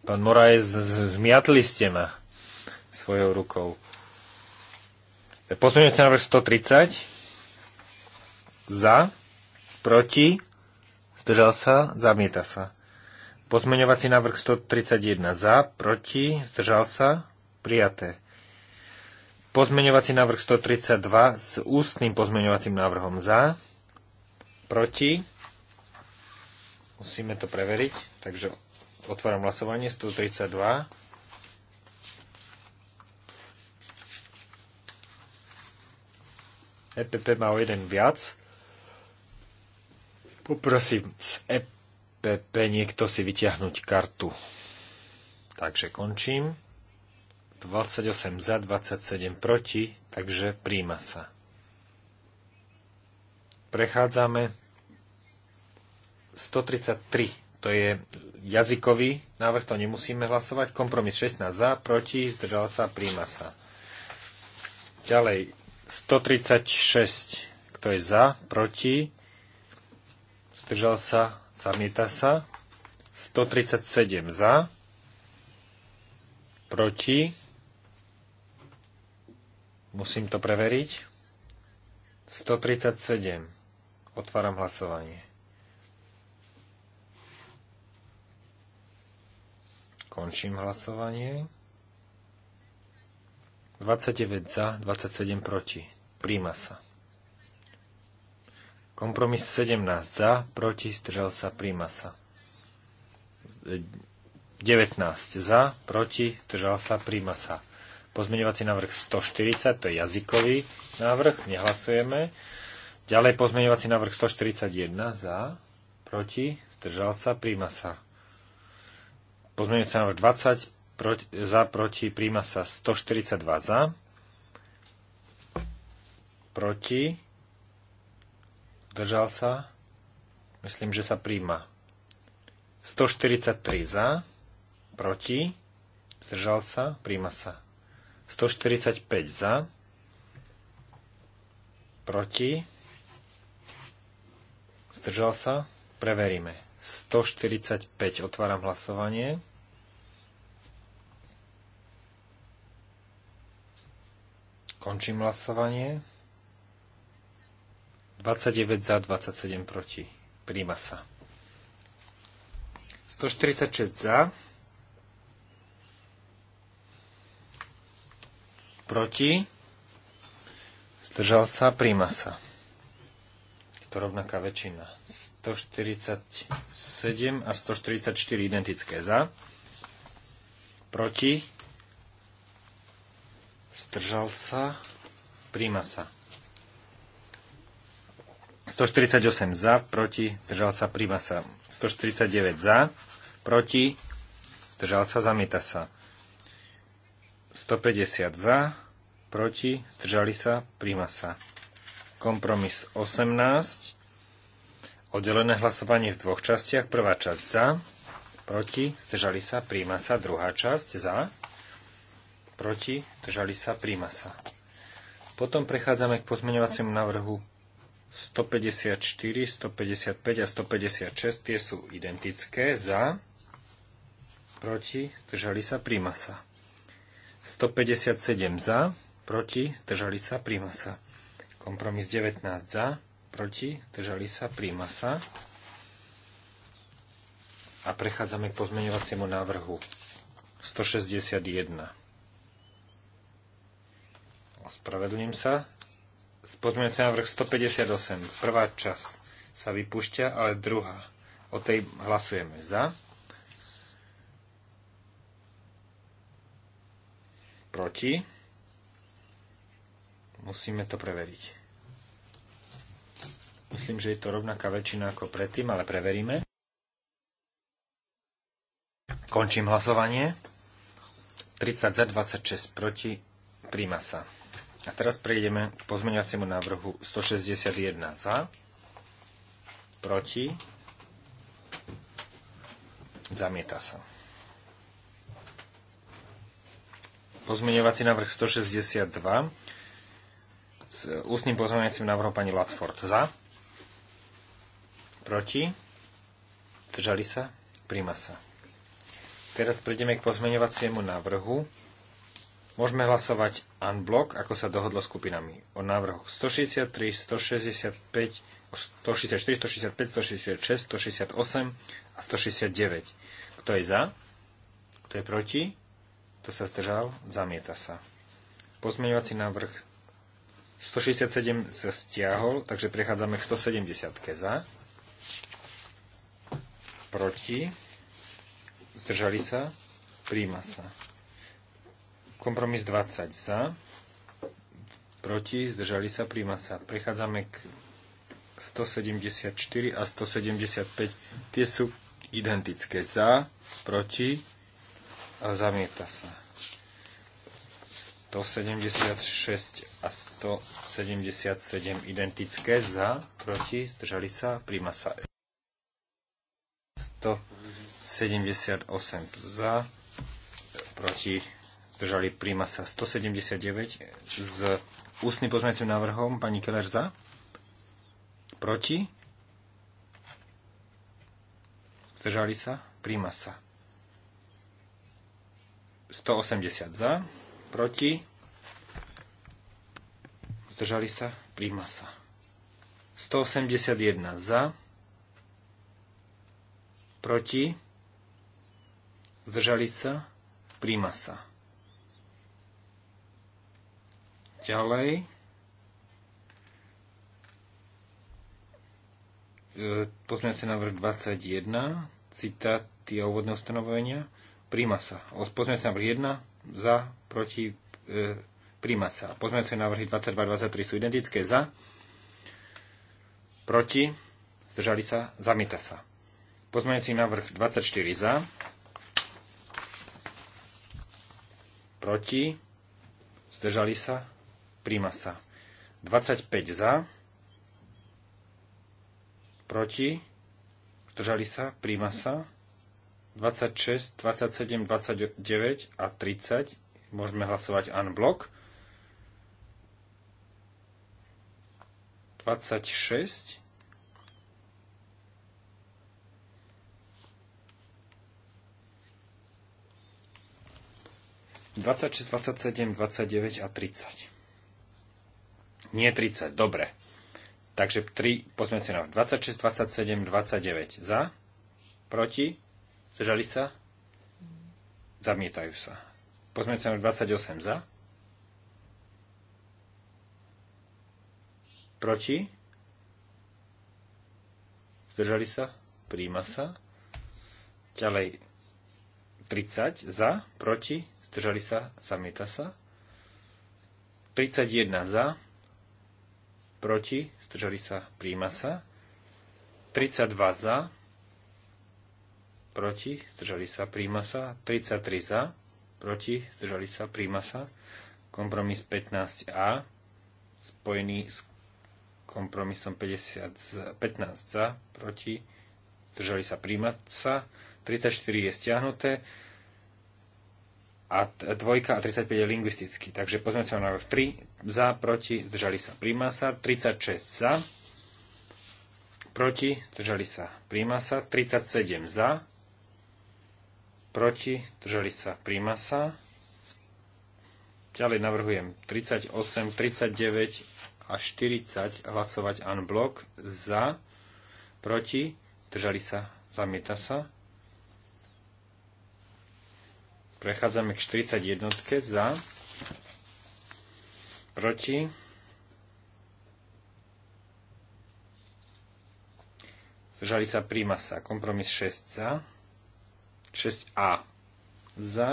Pán Moraes, zmiatli ste ma svojou rukou. Pozmeňovací návrh 130. Za, proti, zdržal sa, zamieta sa. Pozmeňovací návrh 131 za, proti, zdržal sa, prijaté. Pozmeňovací návrh 132 s ústnym pozmeňovacím návrhom za, proti, musíme to preveriť, takže otváram hlasovanie 132. EPP má o jeden viac. Poprosím z EP PP niekto si vyťahnuť kartu. Takže končím. 28 za, 27 proti, takže príjma sa. Prechádzame 133. To je jazykový návrh, to nemusíme hlasovať. Kompromis 16 za, proti, zdržala sa, príjma sa. Ďalej 136. Kto je za, proti, zdržal sa, Zamieta sa. 137 za. Proti. Musím to preveriť. 137. Otváram hlasovanie. Končím hlasovanie. 29 za, 27 proti. Príjma sa. Kompromis 17 za, proti, zdržal sa, príjma sa. 19 za, proti, zdržal sa, príjma sa. Pozmeňovací návrh 140, to je jazykový návrh, nehlasujeme. Ďalej pozmeňovací návrh 141 za, proti, zdržal sa, príjma sa. Pozmeňujúci návrh 20, proti, za, proti, príjma sa 142 za, proti, Zdržal sa? Myslím, že sa príjma. 143 za, proti, zdržal sa, príjma sa. 145 za, proti, zdržal sa, preveríme. 145, otváram hlasovanie. Končím hlasovanie. 29 za, 27 proti. Príjma sa. 146 za. Proti. Zdržal sa, príjma sa. Je To rovnaká väčšina. 147 a 144 identické za. Proti. Zdržal sa. Príjma sa. 148 za, proti, zdržal sa, príjma sa. 149 za, proti, zdržal sa, zamieta sa. 150 za, proti, zdržali sa, príjma sa. Kompromis 18, oddelené hlasovanie v dvoch častiach, prvá časť za, proti, zdržali sa, príjma sa, druhá časť za, proti, zdržali sa, príjma sa. Potom prechádzame k pozmeňovaciemu návrhu 154, 155 a 156, tie sú identické, za, proti, držali sa, príma sa. 157 za, proti, držali sa, príma sa. Kompromis 19 za, proti, držali sa, príma sa. A prechádzame k pozmeňovaciemu návrhu 161. Ospravedlním sa, Pozmeňujúci návrh 158. Prvá čas sa vypúšťa, ale druhá. O tej hlasujeme za. Proti. Musíme to preveriť. Myslím, že je to rovnaká väčšina ako predtým, ale preveríme. Končím hlasovanie. 30 za 26 proti. Príjma sa. A teraz prejdeme k pozmeňovaciemu návrhu 161 za, proti, zamieta sa. Pozmeňovací návrh 162 s ústnym pozmeňovacím návrhom pani Latford za, proti, držali sa, príjma sa. Teraz prejdeme k pozmeňovaciemu návrhu Môžeme hlasovať unblock, ako sa dohodlo skupinami. O návrhoch 163, 165, 164, 165, 166, 168 a 169. Kto je za? Kto je proti? Kto sa zdržal? Zamieta sa. Pozmeňovací návrh 167 sa stiahol, takže prechádzame k 170. Za? Proti? Zdržali sa? Príjma sa. Kompromis 20 za, proti, zdržali sa, príjma sa. Prechádzame k 174 a 175. Tie sú identické za, proti a zamieta sa. 176 a 177 identické za, proti, zdržali sa, príjma sa. 178 za, proti, zdržali, príjma sa 179 s ústnym pozmeňujúcim návrhom. Pani Keller za? Proti? Zdržali sa? Príjma sa. 180 za, proti, zdržali sa, príjma sa. 181 za, proti, zdržali sa, príjma sa. Ďalej. E, pozmeňujúci návrh 21, citáty a úvodné ustanovenia. Príjma sa. Pozmeňujúci návrh 1, za, proti, e, príjma sa. Pozmeňujúce návrhy 22 a 23 sú identické za, proti, zdržali sa, zamieta sa. Pozmeňujúci návrh 24 za, proti, zdržali sa, Príjma sa. 25 za. Proti. Zdržali sa. Príjma sa. 26, 27, 29 a 30. Môžeme hlasovať unblock. 26. Dvadsaťšesť, dvadsaťsedem, dvadsaťdeväť a tridsať. Nie 30, dobre. Takže 3 pozmeňujúce návrhy. 26, 27, 29 za, proti, zdržali sa, zamietajú sa. Pozmeňujúce na 28 za, proti, zdržali sa, príjma sa. Ďalej 30 za, proti, zdržali sa, zamieta sa. 31 za, proti, zdržali sa, príjma sa. 32 za, proti, zdržali sa, príjma sa. 33 za, proti, zdržali sa, príjma sa. Kompromis 15a, spojený s kompromisom 50 za, 15 za, proti, zdržali sa, príjma sa. 34 je stiahnuté a dvojka a 35 je lingvistický. Takže pozme sa na 3 za, proti, zdržali sa, prímasa, sa, 36 za, proti, zdržali sa, prímasa, sa, 37 za, proti, zdržali sa, prímasa, sa. Ďalej navrhujem 38, 39 a 40 hlasovať unblock za, proti, držali sa, zamieta sa. Prechádzame k 41 za, proti, zdržali sa, príjma sa. Kompromis 6 za, 6a za,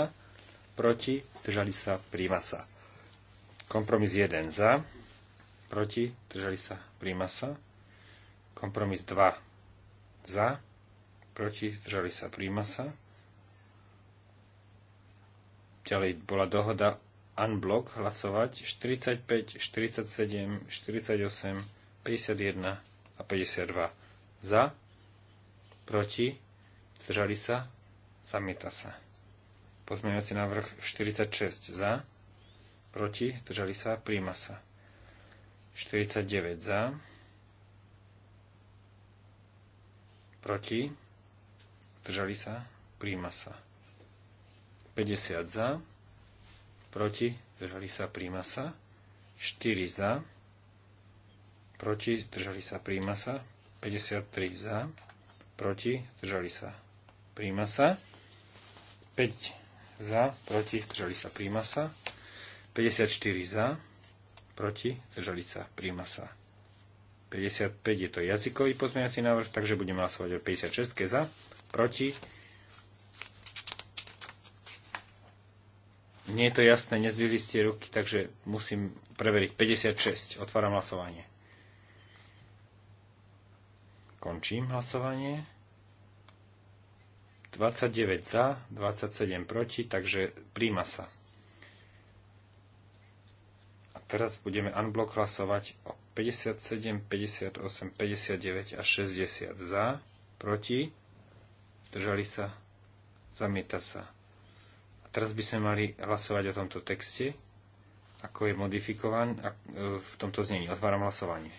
proti, zdržali sa, príjma sa. Kompromis 1 za, proti, zdržali sa, príjma sa. Kompromis 2 za, proti, zdržali sa, príjma sa ďalej bola dohoda unblock hlasovať 45, 47, 48, 51 a 52. Za, proti, zdržali sa, zamieta sa. Pozmeňovací návrh 46 za, proti, zdržali sa, príjma sa. 49 za, proti, zdržali sa, príjma sa. 50 za, proti, držali sa, príjma sa. 4 za, proti, držali sa, príjma sa. 53 za, proti, držali sa, príjma sa. 5 za, proti, držali sa, príjma sa. 54 za, proti, držali sa, príjma sa. 55 je to jazykový pozmeňací návrh, takže budeme hlasovať o 56 za, proti, Nie je to jasné, nezvili ste ruky, takže musím preveriť. 56. Otváram hlasovanie. Končím hlasovanie. 29 za, 27 proti, takže príjma sa. A teraz budeme unblock hlasovať o 57, 58, 59 a 60 za, proti, držali sa, zamieta sa teraz by sme mali hlasovať o tomto texte, ako je modifikovan a e, v tomto znení. Otváram hlasovanie.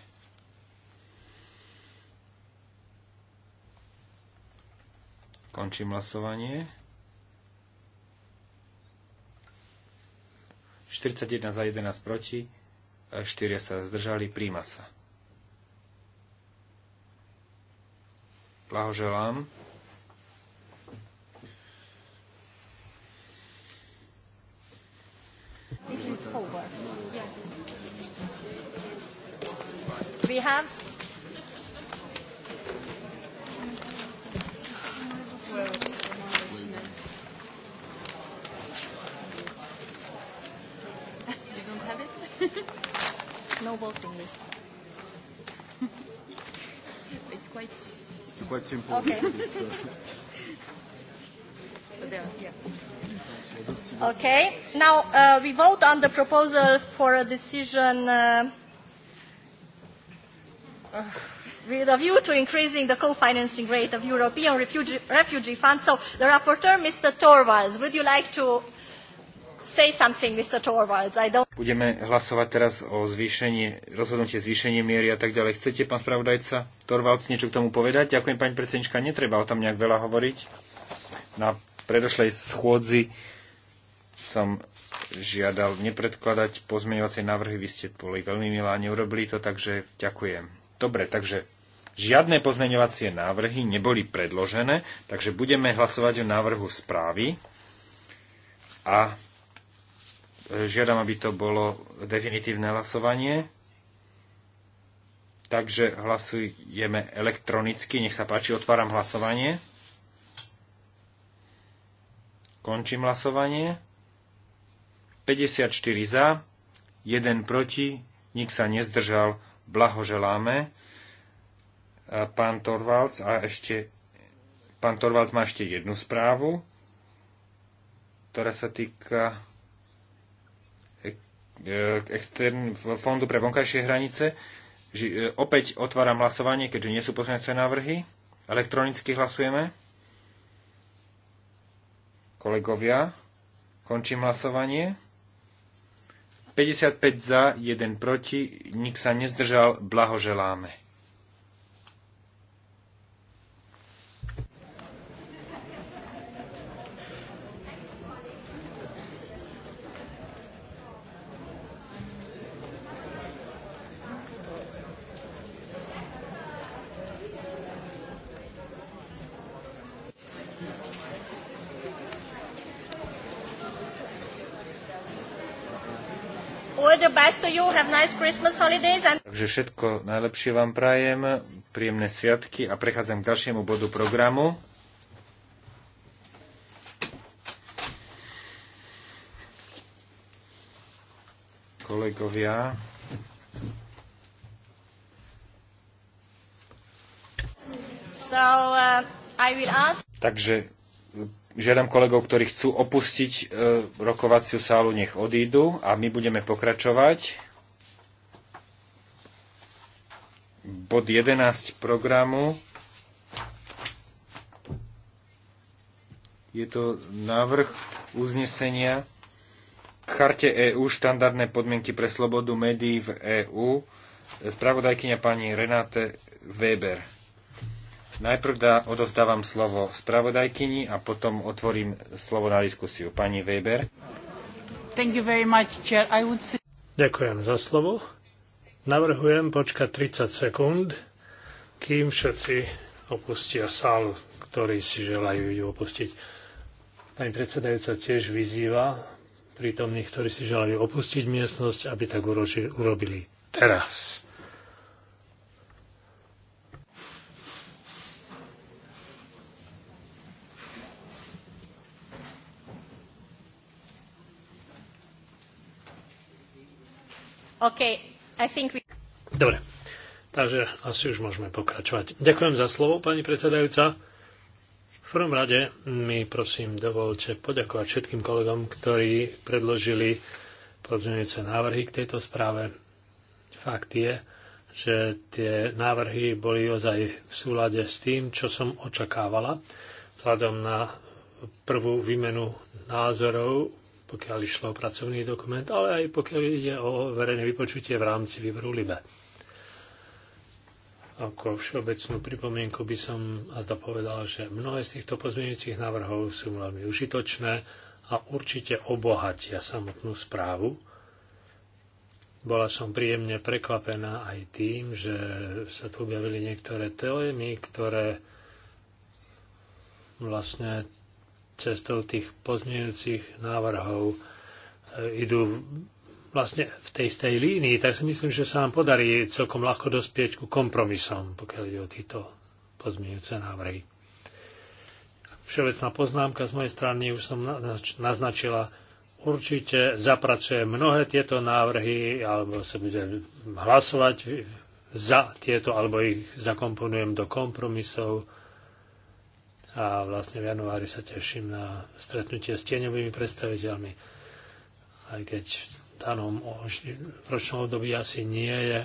Končím hlasovanie. 41 za 11 proti, 4 e, sa zdržali, príjma sa. Blahoželám. we have? no voting list. it's quite. simple. It's quite simple. Okay. Uh, okay, now uh, we vote on the proposal for a decision uh, with a view to increasing the co-financing rate of European refugee, refugee Fund. So the rapporteur, Mr. Torvalds, would you like to say something, Mr. Torvalds? I don't... Budeme hlasovať teraz o zvýšení, rozhodnutie zvýšenie miery a tak ďalej. Chcete, pán spravodajca Torvalds, niečo k tomu povedať? Ďakujem, pani predsednička, netreba o tom nejak veľa hovoriť. Na predošlej schôdzi som žiadal nepredkladať pozmeňovacie návrhy. Vy ste boli veľmi milá, neurobili to, takže ďakujem. Dobre, takže žiadne pozmeňovacie návrhy neboli predložené, takže budeme hlasovať o návrhu správy a e, žiadam, aby to bolo definitívne hlasovanie. Takže hlasujeme elektronicky. Nech sa páči, otváram hlasovanie. Končím hlasovanie. 54 za, 1 proti, nik sa nezdržal. Blahoželáme. Pán Torvalds a ešte pán Torvalds má ešte jednu správu, ktorá sa týka e, e, extern, Fondu pre vonkajšie hranice. Ži, e, opäť otváram hlasovanie, keďže nie sú poslanecké návrhy. Elektronicky hlasujeme. Kolegovia, končím hlasovanie. 55 za, 1 proti, nik sa nezdržal, blahoželáme. best to you, have nice Christmas holidays. And... Takže všetko najlepšie vám prajem, príjemné sviatky a prechádzam k ďalšiemu bodu programu. kolegovia. So, uh, ask... Takže Žiadam kolegov, ktorí chcú opustiť e, rokovaciu sálu, nech odídu a my budeme pokračovať. Bod 11 programu. Je to návrh uznesenia k charte EÚ štandardné podmienky pre slobodu médií v EÚ. Spravodajkyňa pani Renate Weber. Najprv dá, odovzdávam slovo spravodajkyni a potom otvorím slovo na diskusiu. Pani Weber. Thank you very much, chair. I would... Ďakujem za slovo. Navrhujem počkať 30 sekúnd, kým všetci opustia sálu, ktorí si želajú ju opustiť. Pani predsedajúca tiež vyzýva prítomných, ktorí si želajú opustiť miestnosť, aby tak urobili teraz. Okay. I think we... Dobre, takže asi už môžeme pokračovať. Ďakujem za slovo, pani predsedajúca. V prvom rade mi prosím dovolte poďakovať všetkým kolegom, ktorí predložili pozmeňujúce návrhy k tejto správe. Fakt je, že tie návrhy boli ozaj v súlade s tým, čo som očakávala, vzhľadom na prvú výmenu názorov pokiaľ išlo o pracovný dokument, ale aj pokiaľ ide o verejné vypočutie v rámci výboru LIBE. Ako všeobecnú pripomienku by som azda povedal, že mnohé z týchto pozmeňujúcich návrhov sú veľmi užitočné a určite obohatia samotnú správu. Bola som príjemne prekvapená aj tým, že sa tu objavili niektoré témy, ktoré vlastne cestou tých pozmeňujúcich návrhov e, idú vlastne v tej stej línii, tak si myslím, že sa nám podarí celkom ľahko dospieť ku kompromisom, pokiaľ ide o tieto pozmeňujúce návrhy. Všeobecná poznámka z mojej strany už som naznačila, určite zapracuje mnohé tieto návrhy, alebo sa bude hlasovať za tieto, alebo ich zakomponujem do kompromisov a vlastne v januári sa teším na stretnutie s tieňovými predstaviteľmi, aj keď v danom ročnom období asi nie je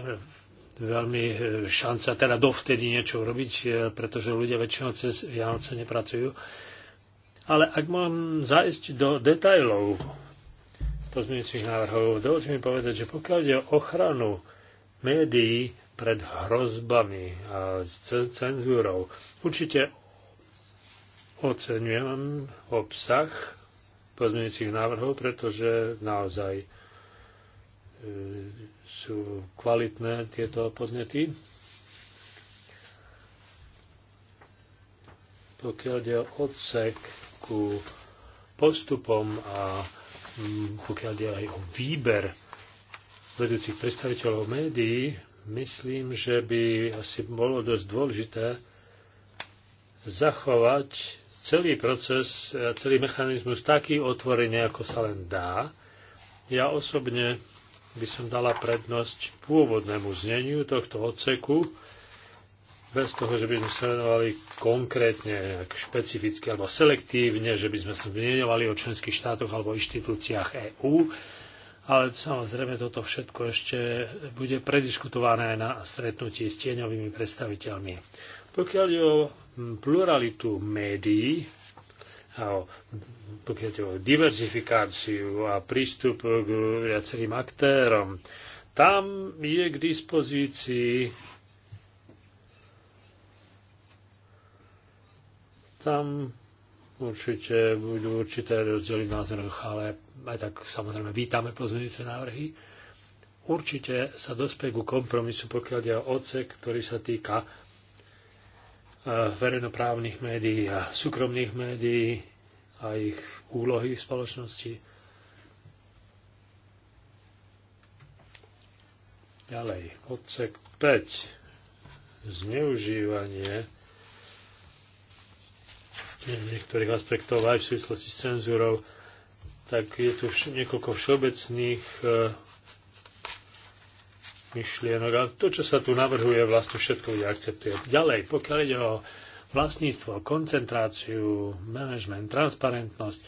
veľmi e, šanca teda dovtedy niečo urobiť, e, pretože ľudia väčšinou cez Vianoce nepracujú. Ale ak mám zájsť do detajlov pozmeňujúcich návrhov, dovolte mi povedať, že pokiaľ ide o ochranu médií pred hrozbami a cenzúrou, určite Oceňujem obsah pozmeňujúcich návrhov, pretože naozaj e, sú kvalitné tieto podnety. Pokiaľ ide o odsek ku postupom a mm, pokiaľ ide aj o výber vedúcich predstaviteľov médií, myslím, že by asi bolo dosť dôležité zachovať celý proces, celý mechanizmus taký otvorený, ako sa len dá. Ja osobne by som dala prednosť pôvodnému zneniu tohto odseku, bez toho, že by sme sa venovali konkrétne, špecificky alebo selektívne, že by sme sa zmieňovali o členských štátoch alebo inštitúciách EÚ, ale samozrejme toto všetko ešte bude prediskutované aj na stretnutí s tieňovými predstaviteľmi. Pokiaľ je o pluralitu médií a o, pokiaľ je o diverzifikáciu a prístup k viacerým aktérom, tam je k dispozícii tam určite budú určité rozdiely v názoroch, ale aj tak samozrejme vítame pozmeňujúce návrhy. Určite sa dospie ku kompromisu, pokiaľ je o odsek, ktorý sa týka verejnoprávnych médií a súkromných médií a ich úlohy v spoločnosti. Ďalej, odsek 5. Zneužívanie niektorých aspektov aj v súvislosti s cenzúrou, tak je tu vš- niekoľko všeobecných e, myšlienok. A to, čo sa tu navrhuje, vlastne všetko bude akceptuje. Ďalej, pokiaľ ide o vlastníctvo, koncentráciu, management, transparentnosť,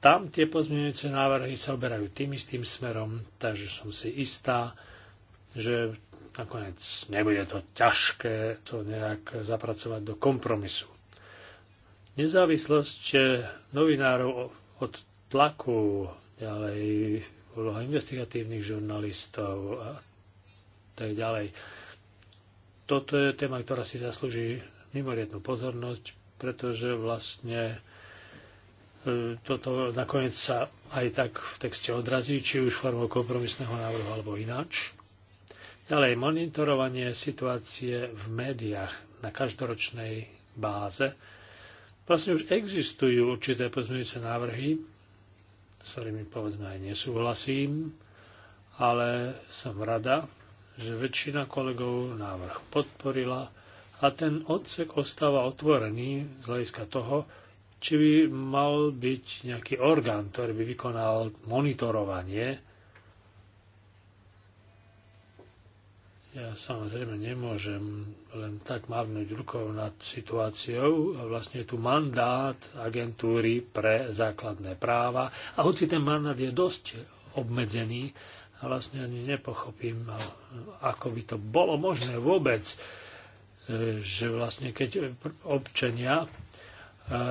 tam tie pozmeňujúce návrhy sa oberajú tým istým smerom, takže som si istá, že nakoniec nebude to ťažké to nejak zapracovať do kompromisu. Nezávislosť novinárov od tlaku, ďalej úloha investigatívnych žurnalistov a tak ďalej. Toto je téma, ktorá si zaslúži mimoriadnú pozornosť, pretože vlastne e, toto nakoniec sa aj tak v texte odrazí, či už formou kompromisného návrhu alebo ináč. Ďalej, monitorovanie situácie v médiách na každoročnej báze. Vlastne už existujú určité pozmeňujúce návrhy, s ktorými povedzme aj nesúhlasím, ale som rada, že väčšina kolegov návrh podporila a ten odsek ostáva otvorený z hľadiska toho, či by mal byť nejaký orgán, ktorý by vykonal monitorovanie. Ja samozrejme nemôžem len tak mávnuť rukou nad situáciou. vlastne je tu mandát agentúry pre základné práva. A hoci ten mandát je dosť obmedzený, vlastne ani nepochopím, ako by to bolo možné vôbec, e, že vlastne keď občania e,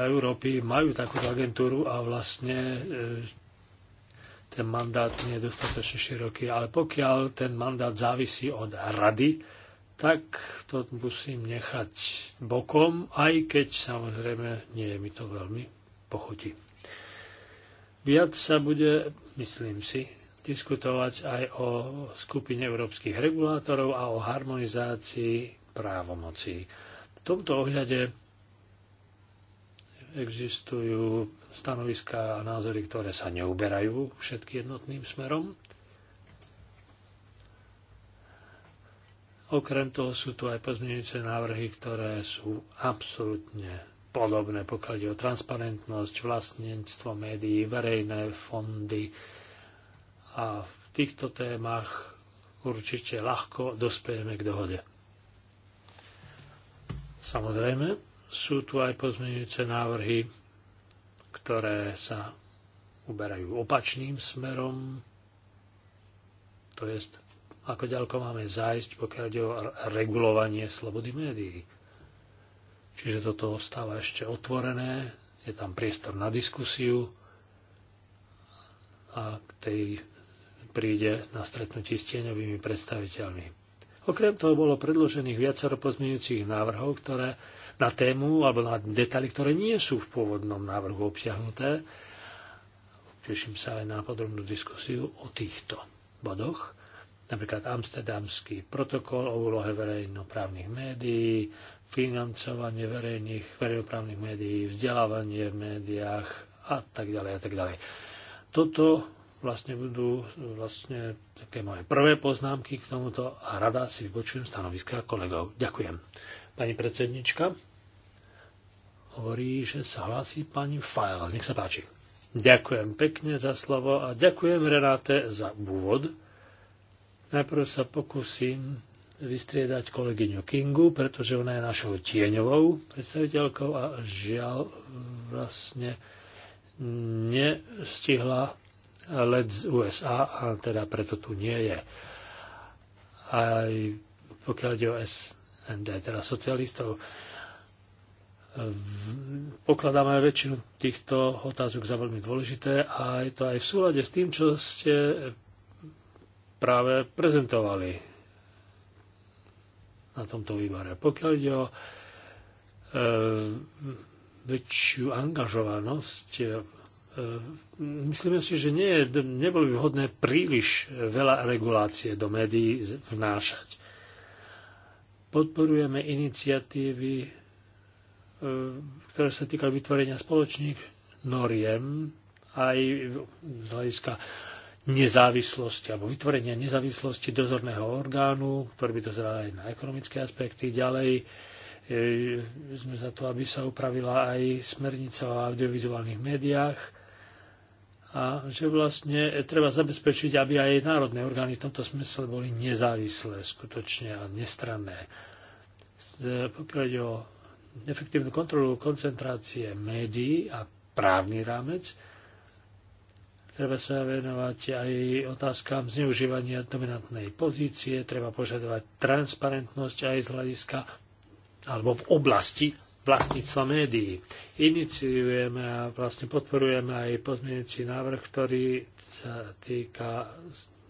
Európy majú takúto agentúru a vlastne e, ten mandát nie je dostatočne široký. Ale pokiaľ ten mandát závisí od rady, tak to musím nechať bokom, aj keď samozrejme nie je mi to veľmi pochutí. Viac sa bude, myslím si, diskutovať aj o skupine európskych regulátorov a o harmonizácii právomocí. V tomto ohľade existujú stanoviská a názory, ktoré sa neuberajú všetky jednotným smerom. Okrem toho sú tu aj pozmeňujúce návrhy, ktoré sú absolútne podobné, pokiaľ ide o transparentnosť, vlastníctvo médií, verejné fondy, a v týchto témach určite ľahko dospejeme k dohode. Samozrejme, sú tu aj pozmeňujúce návrhy, ktoré sa uberajú opačným smerom, to je, ako ďaleko máme zájsť, pokiaľ ide o regulovanie slobody médií. Čiže toto ostáva ešte otvorené, je tam priestor na diskusiu a k tej príde na stretnutí s tieňovými predstaviteľmi. Okrem toho bolo predložených viacero pozmeňujúcich návrhov, ktoré na tému alebo na detaily, ktoré nie sú v pôvodnom návrhu obsiahnuté. Teším sa aj na podrobnú diskusiu o týchto bodoch. Napríklad Amsterdamský protokol o úlohe verejnoprávnych médií, financovanie verejných, verejnoprávnych médií, vzdelávanie v médiách a tak ďalej a tak ďalej. Toto vlastne budú vlastne také moje prvé poznámky k tomuto a rada si vypočujem stanoviska kolegov. Ďakujem. Pani predsednička hovorí, že sa hlási pani Fajl. Nech sa páči. Ďakujem pekne za slovo a ďakujem Renáte za úvod. Najprv sa pokúsim vystriedať kolegyňu Kingu, pretože ona je našou tieňovou predstaviteľkou a žiaľ vlastne nestihla let z USA a teda preto tu nie je. Aj pokiaľ ide o SND, teda socialistov, pokladáme väčšinu týchto otázok za veľmi dôležité a je to aj v súlade s tým, čo ste práve prezentovali na tomto výbore. Pokiaľ ide o e, väčšiu angažovanosť Ehm, myslíme si, že nie, nebolo by vhodné príliš veľa regulácie do médií vnášať. Podporujeme iniciatívy, ehm, ktoré sa týkajú vytvorenia spoločných noriem aj z hľadiska nezávislosti alebo vytvorenia nezávislosti dozorného orgánu, ktorý by dozeral aj na ekonomické aspekty. Ďalej ehm, sme za to, aby sa upravila aj smernica o audiovizuálnych médiách a že vlastne treba zabezpečiť, aby aj národné orgány v tomto smysle boli nezávislé skutočne a nestranné. E, pokiaľ ide o efektívnu kontrolu koncentrácie médií a právny rámec, treba sa venovať aj otázkam zneužívania dominantnej pozície, treba požadovať transparentnosť aj z hľadiska alebo v oblasti vlastníctva médií. Iniciujeme a vlastne podporujeme aj pozmienujúci návrh, ktorý sa týka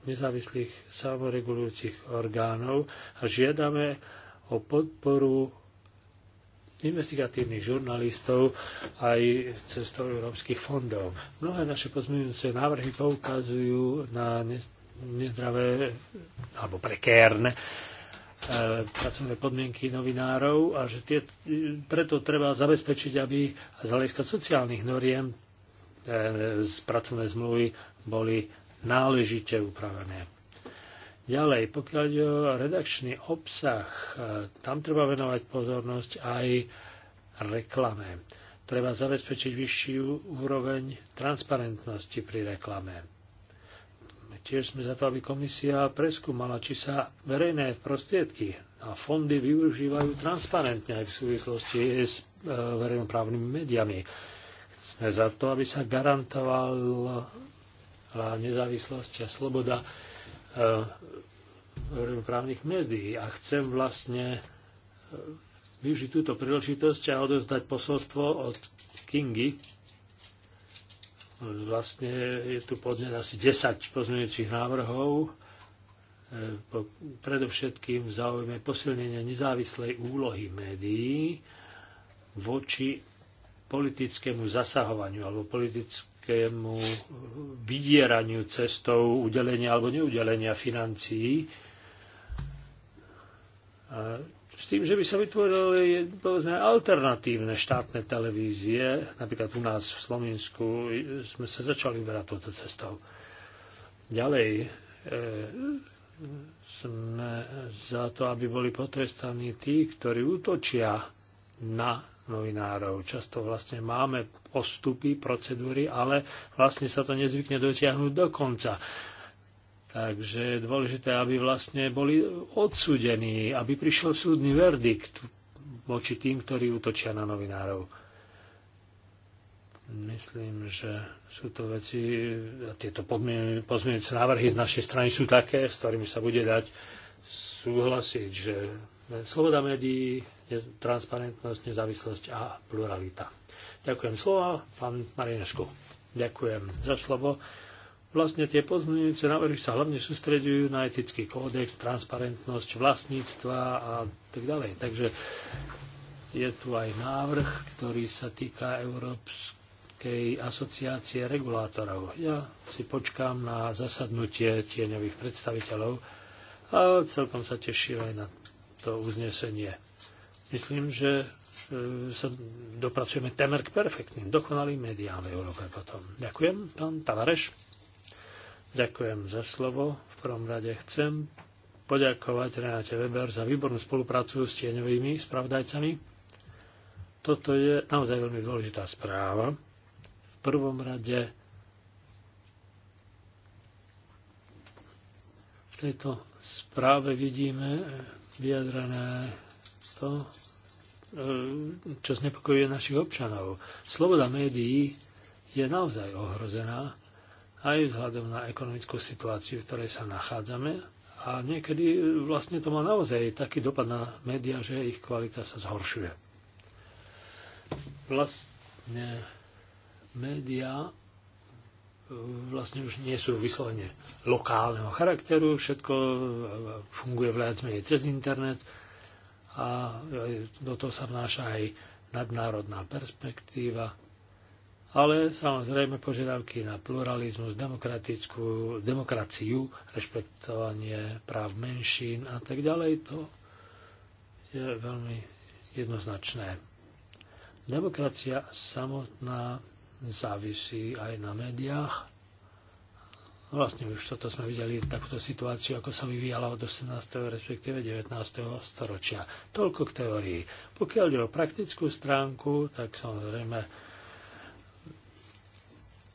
nezávislých samoregulujúcich orgánov a žiadame o podporu investigatívnych žurnalistov aj cestou európskych fondov. Mnohé naše pozmienujúce návrhy poukazujú na nezdravé alebo prekérne E, pracovné podmienky novinárov a že tie, preto treba zabezpečiť, aby z hľadiska sociálnych noriem e, z pracovné zmluvy boli náležite upravené. Ďalej, pokiaľ ide o redakčný obsah, e, tam treba venovať pozornosť aj reklame. Treba zabezpečiť vyššiu úroveň transparentnosti pri reklame Tiež sme za to, aby komisia preskúmala, či sa verejné prostriedky a fondy využívajú transparentne aj v súvislosti s e, verejnoprávnymi médiami. Sme za to, aby sa garantovala nezávislosť a sloboda e, verejnoprávnych médií. A chcem vlastne e, využiť túto príležitosť a odozdať posolstvo od Kingy, Vlastne je tu podnet asi 10 pozmeňujúcich návrhov, e, predovšetkým v záujme posilnenia nezávislej úlohy médií voči politickému zasahovaniu alebo politickému vydieraniu cestou udelenia alebo neudelenia financií s tým, že by sa vytvorili povedzme, alternatívne štátne televízie. Napríklad u nás v Slovensku sme sa začali uberať touto cestou. Ďalej e, sme za to, aby boli potrestaní tí, ktorí útočia na novinárov. Často vlastne máme postupy, procedúry, ale vlastne sa to nezvykne dotiahnuť do konca. Takže je dôležité, aby vlastne boli odsudení, aby prišiel súdny verdikt voči tým, ktorí útočia na novinárov. Myslím, že sú to veci, a tieto pozmienujúce návrhy z našej strany sú také, s ktorými sa bude dať súhlasiť, že sloboda médií, transparentnosť, nezávislosť a pluralita. Ďakujem slova, pán Marinešku. Ďakujem za slovo vlastne tie pozmeňujúce návrhy sa hlavne sústredujú na etický kódex, transparentnosť vlastníctva a tak ďalej. Takže je tu aj návrh, ktorý sa týka Európskej asociácie regulátorov. Ja si počkám na zasadnutie tieňových predstaviteľov a celkom sa teším aj na to uznesenie. Myslím, že e, sa dopracujeme temer k perfektným, dokonalým médiám v Európe potom. Ďakujem, pán Tavareš. Ďakujem za slovo. V prvom rade chcem poďakovať Renáte Weber za výbornú spoluprácu s tieňovými spravdajcami. Toto je naozaj veľmi dôležitá správa. V prvom rade v tejto správe vidíme vyjadrené to, e, čo znepokojuje našich občanov. Sloboda médií je naozaj ohrozená aj vzhľadom na ekonomickú situáciu, v ktorej sa nachádzame. A niekedy vlastne to má naozaj taký dopad na médiá, že ich kvalita sa zhoršuje. Vlastne médiá e, vlastne už nie sú vyslovene lokálneho charakteru, všetko e, funguje viac menej cez internet a e, do toho sa vnáša aj nadnárodná perspektíva, ale samozrejme požiadavky na pluralizmus, demokratickú, demokraciu, rešpektovanie práv menšín a tak ďalej, to je veľmi jednoznačné. Demokracia samotná závisí aj na médiách. Vlastne už toto sme videli takúto situáciu, ako sa vyvíjala od 18. respektíve 19. storočia. Toľko k teórii. Pokiaľ ide o praktickú stránku, tak samozrejme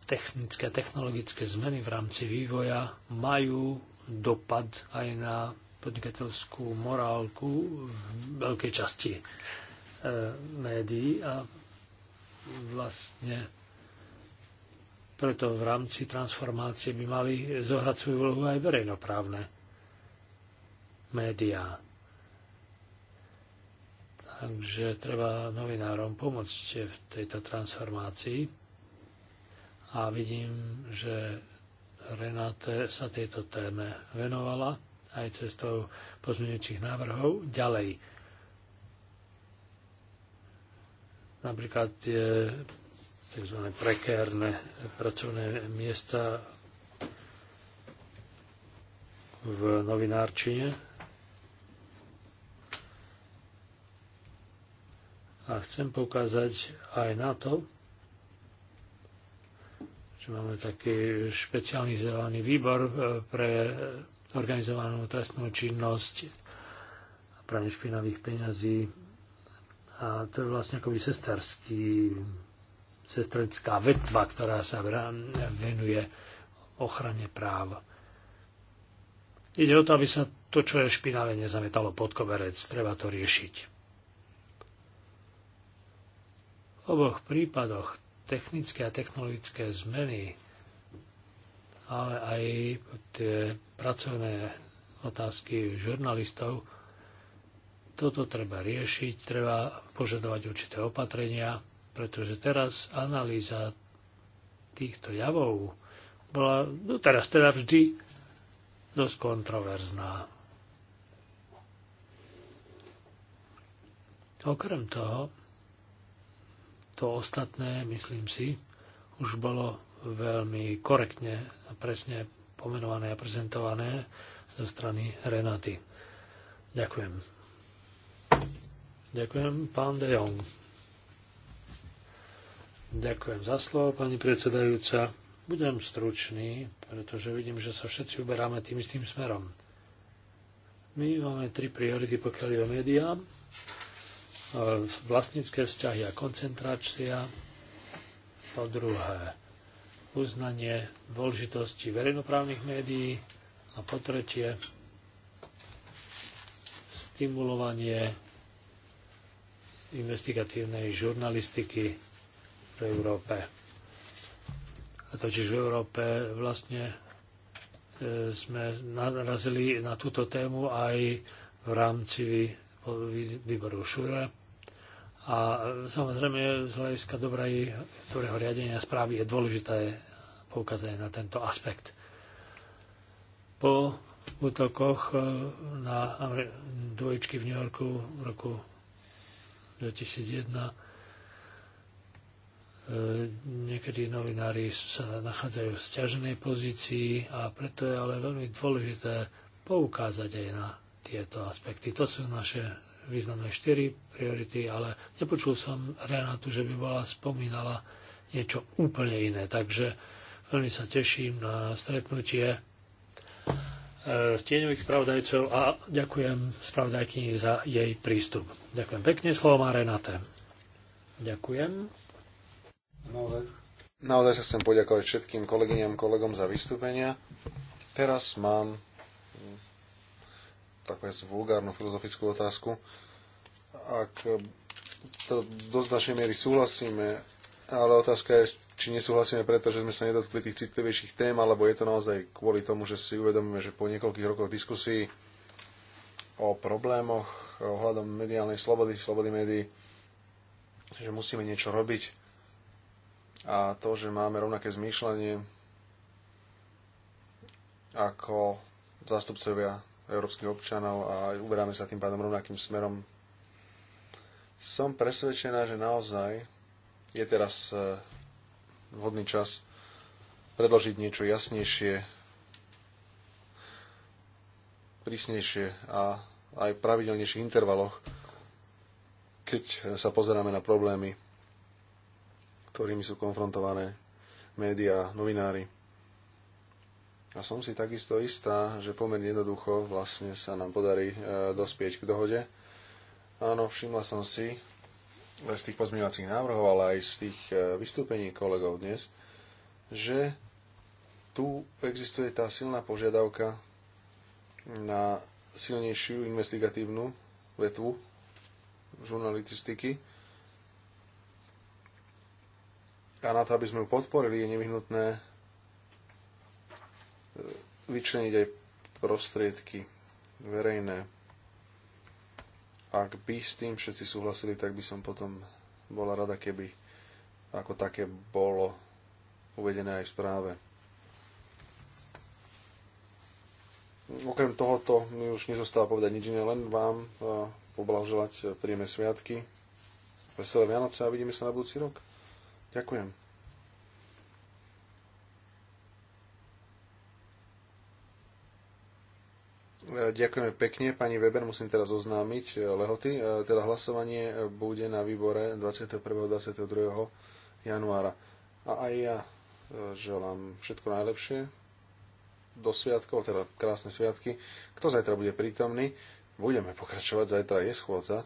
technické a technologické zmeny v rámci vývoja majú dopad aj na podnikateľskú morálku v veľkej časti e, médií a vlastne preto v rámci transformácie by mali zohrať svoju úlohu aj verejnoprávne médiá. Takže treba novinárom pomôcť v tejto transformácii a vidím, že Renáte sa tejto téme venovala aj cestou pozmeňujúcich návrhov. Ďalej, napríklad tie tzv. prekérne pracovné miesta v novinárčine. A chcem poukázať aj na to, že máme taký špecializovaný výbor e, pre organizovanú trestnú činnosť a pranie špinavých peňazí. A to je vlastne akoby sestarský, sestrická vetva, ktorá sa venuje ochrane práv. Ide o to, aby sa to, čo je špinavé, nezametalo pod koberec. Treba to riešiť. V oboch prípadoch technické a technologické zmeny, ale aj tie pracovné otázky žurnalistov, toto treba riešiť, treba požadovať určité opatrenia, pretože teraz analýza týchto javov bola no teraz teda vždy dosť kontroverzná. Okrem toho, to ostatné, myslím si, už bolo veľmi korektne a presne pomenované a prezentované zo strany Renaty. Ďakujem. Ďakujem, pán De Jong. Ďakujem za slovo, pani predsedajúca. Budem stručný, pretože vidím, že sa všetci uberáme tým istým smerom. My máme tri priority, pokiaľ je o médiá vlastnícke vzťahy a koncentrácia. Po druhé, uznanie dôležitosti verejnoprávnych médií. A po tretie, stimulovanie investigatívnej žurnalistiky v Európe. A totiž v Európe vlastne e, sme narazili na túto tému aj v rámci výboru Šure a samozrejme z hľadiska dobrej, ktorého riadenia správy je dôležité poukázať na tento aspekt. Po útokoch e, na dvojčky v New Yorku v roku 2001 e, niekedy novinári sa nachádzajú v stiaženej pozícii a preto je ale veľmi dôležité poukázať aj na tieto aspekty. To sú naše významné štyri priority, ale nepočul som Renátu, že by bola spomínala niečo úplne iné. Takže veľmi sa teším na stretnutie e, tieňových spravodajcov a ďakujem spravodajkyni za jej prístup. Ďakujem pekne, slovo má Renate. Ďakujem. Naozaj, naozaj sa chcem poďakovať všetkým kolegyňam, kolegom za vystúpenia. Teraz mám takú vulgárnu filozofickú otázku. Ak to do značnej miery súhlasíme, ale otázka je, či nesúhlasíme preto, že sme sa nedotkli tých citlivejších tém, alebo je to naozaj kvôli tomu, že si uvedomíme, že po niekoľkých rokoch diskusí o problémoch ohľadom mediálnej slobody, slobody médií, že musíme niečo robiť. A to, že máme rovnaké zmýšľanie ako zástupcovia európskych občanov a uberáme sa tým pádom rovnakým smerom. Som presvedčená, že naozaj je teraz e, vhodný čas predložiť niečo jasnejšie, prísnejšie a aj v pravidelnejších intervaloch, keď sa pozeráme na problémy, ktorými sú konfrontované médiá, novinári. A som si takisto istá, že pomerne jednoducho vlastne sa nám podarí e, dospieť k dohode. Áno, všimla som si z tých pozmeňovacích návrhov, ale aj z tých e, vystúpení kolegov dnes, že tu existuje tá silná požiadavka na silnejšiu investigatívnu vetvu žurnalistiky. A na to, aby sme ju podporili, je nevyhnutné vyčleniť aj prostriedky verejné. Ak by s tým všetci súhlasili, tak by som potom bola rada, keby ako také bolo uvedené aj v správe. Okrem tohoto mi už nezostáva povedať nič iné, len vám e, poblahoželať e, príjemné sviatky, veselé Vianoce a vidíme sa na budúci rok. Ďakujem. Ďakujeme pekne. Pani Weber, musím teraz oznámiť eh, lehoty. Eh, teda hlasovanie eh, bude na výbore 21. 22. januára. A aj ja želám všetko najlepšie do sviatkov, teda krásne sviatky. Kto zajtra bude prítomný? Budeme pokračovať, zajtra je schôdza.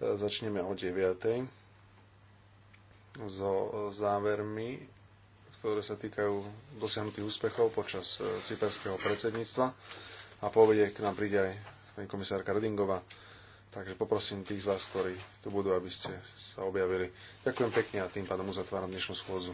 Začneme o 9. so závermi, ktoré sa týkajú dosiahnutých úspechov počas cyperského predsedníctva a povedie, k nám príde aj pani komisárka Redingová. Takže poprosím tých z vás, ktorí tu budú, aby ste sa objavili. Ďakujem pekne a tým pádom uzatváram dnešnú schôdzu.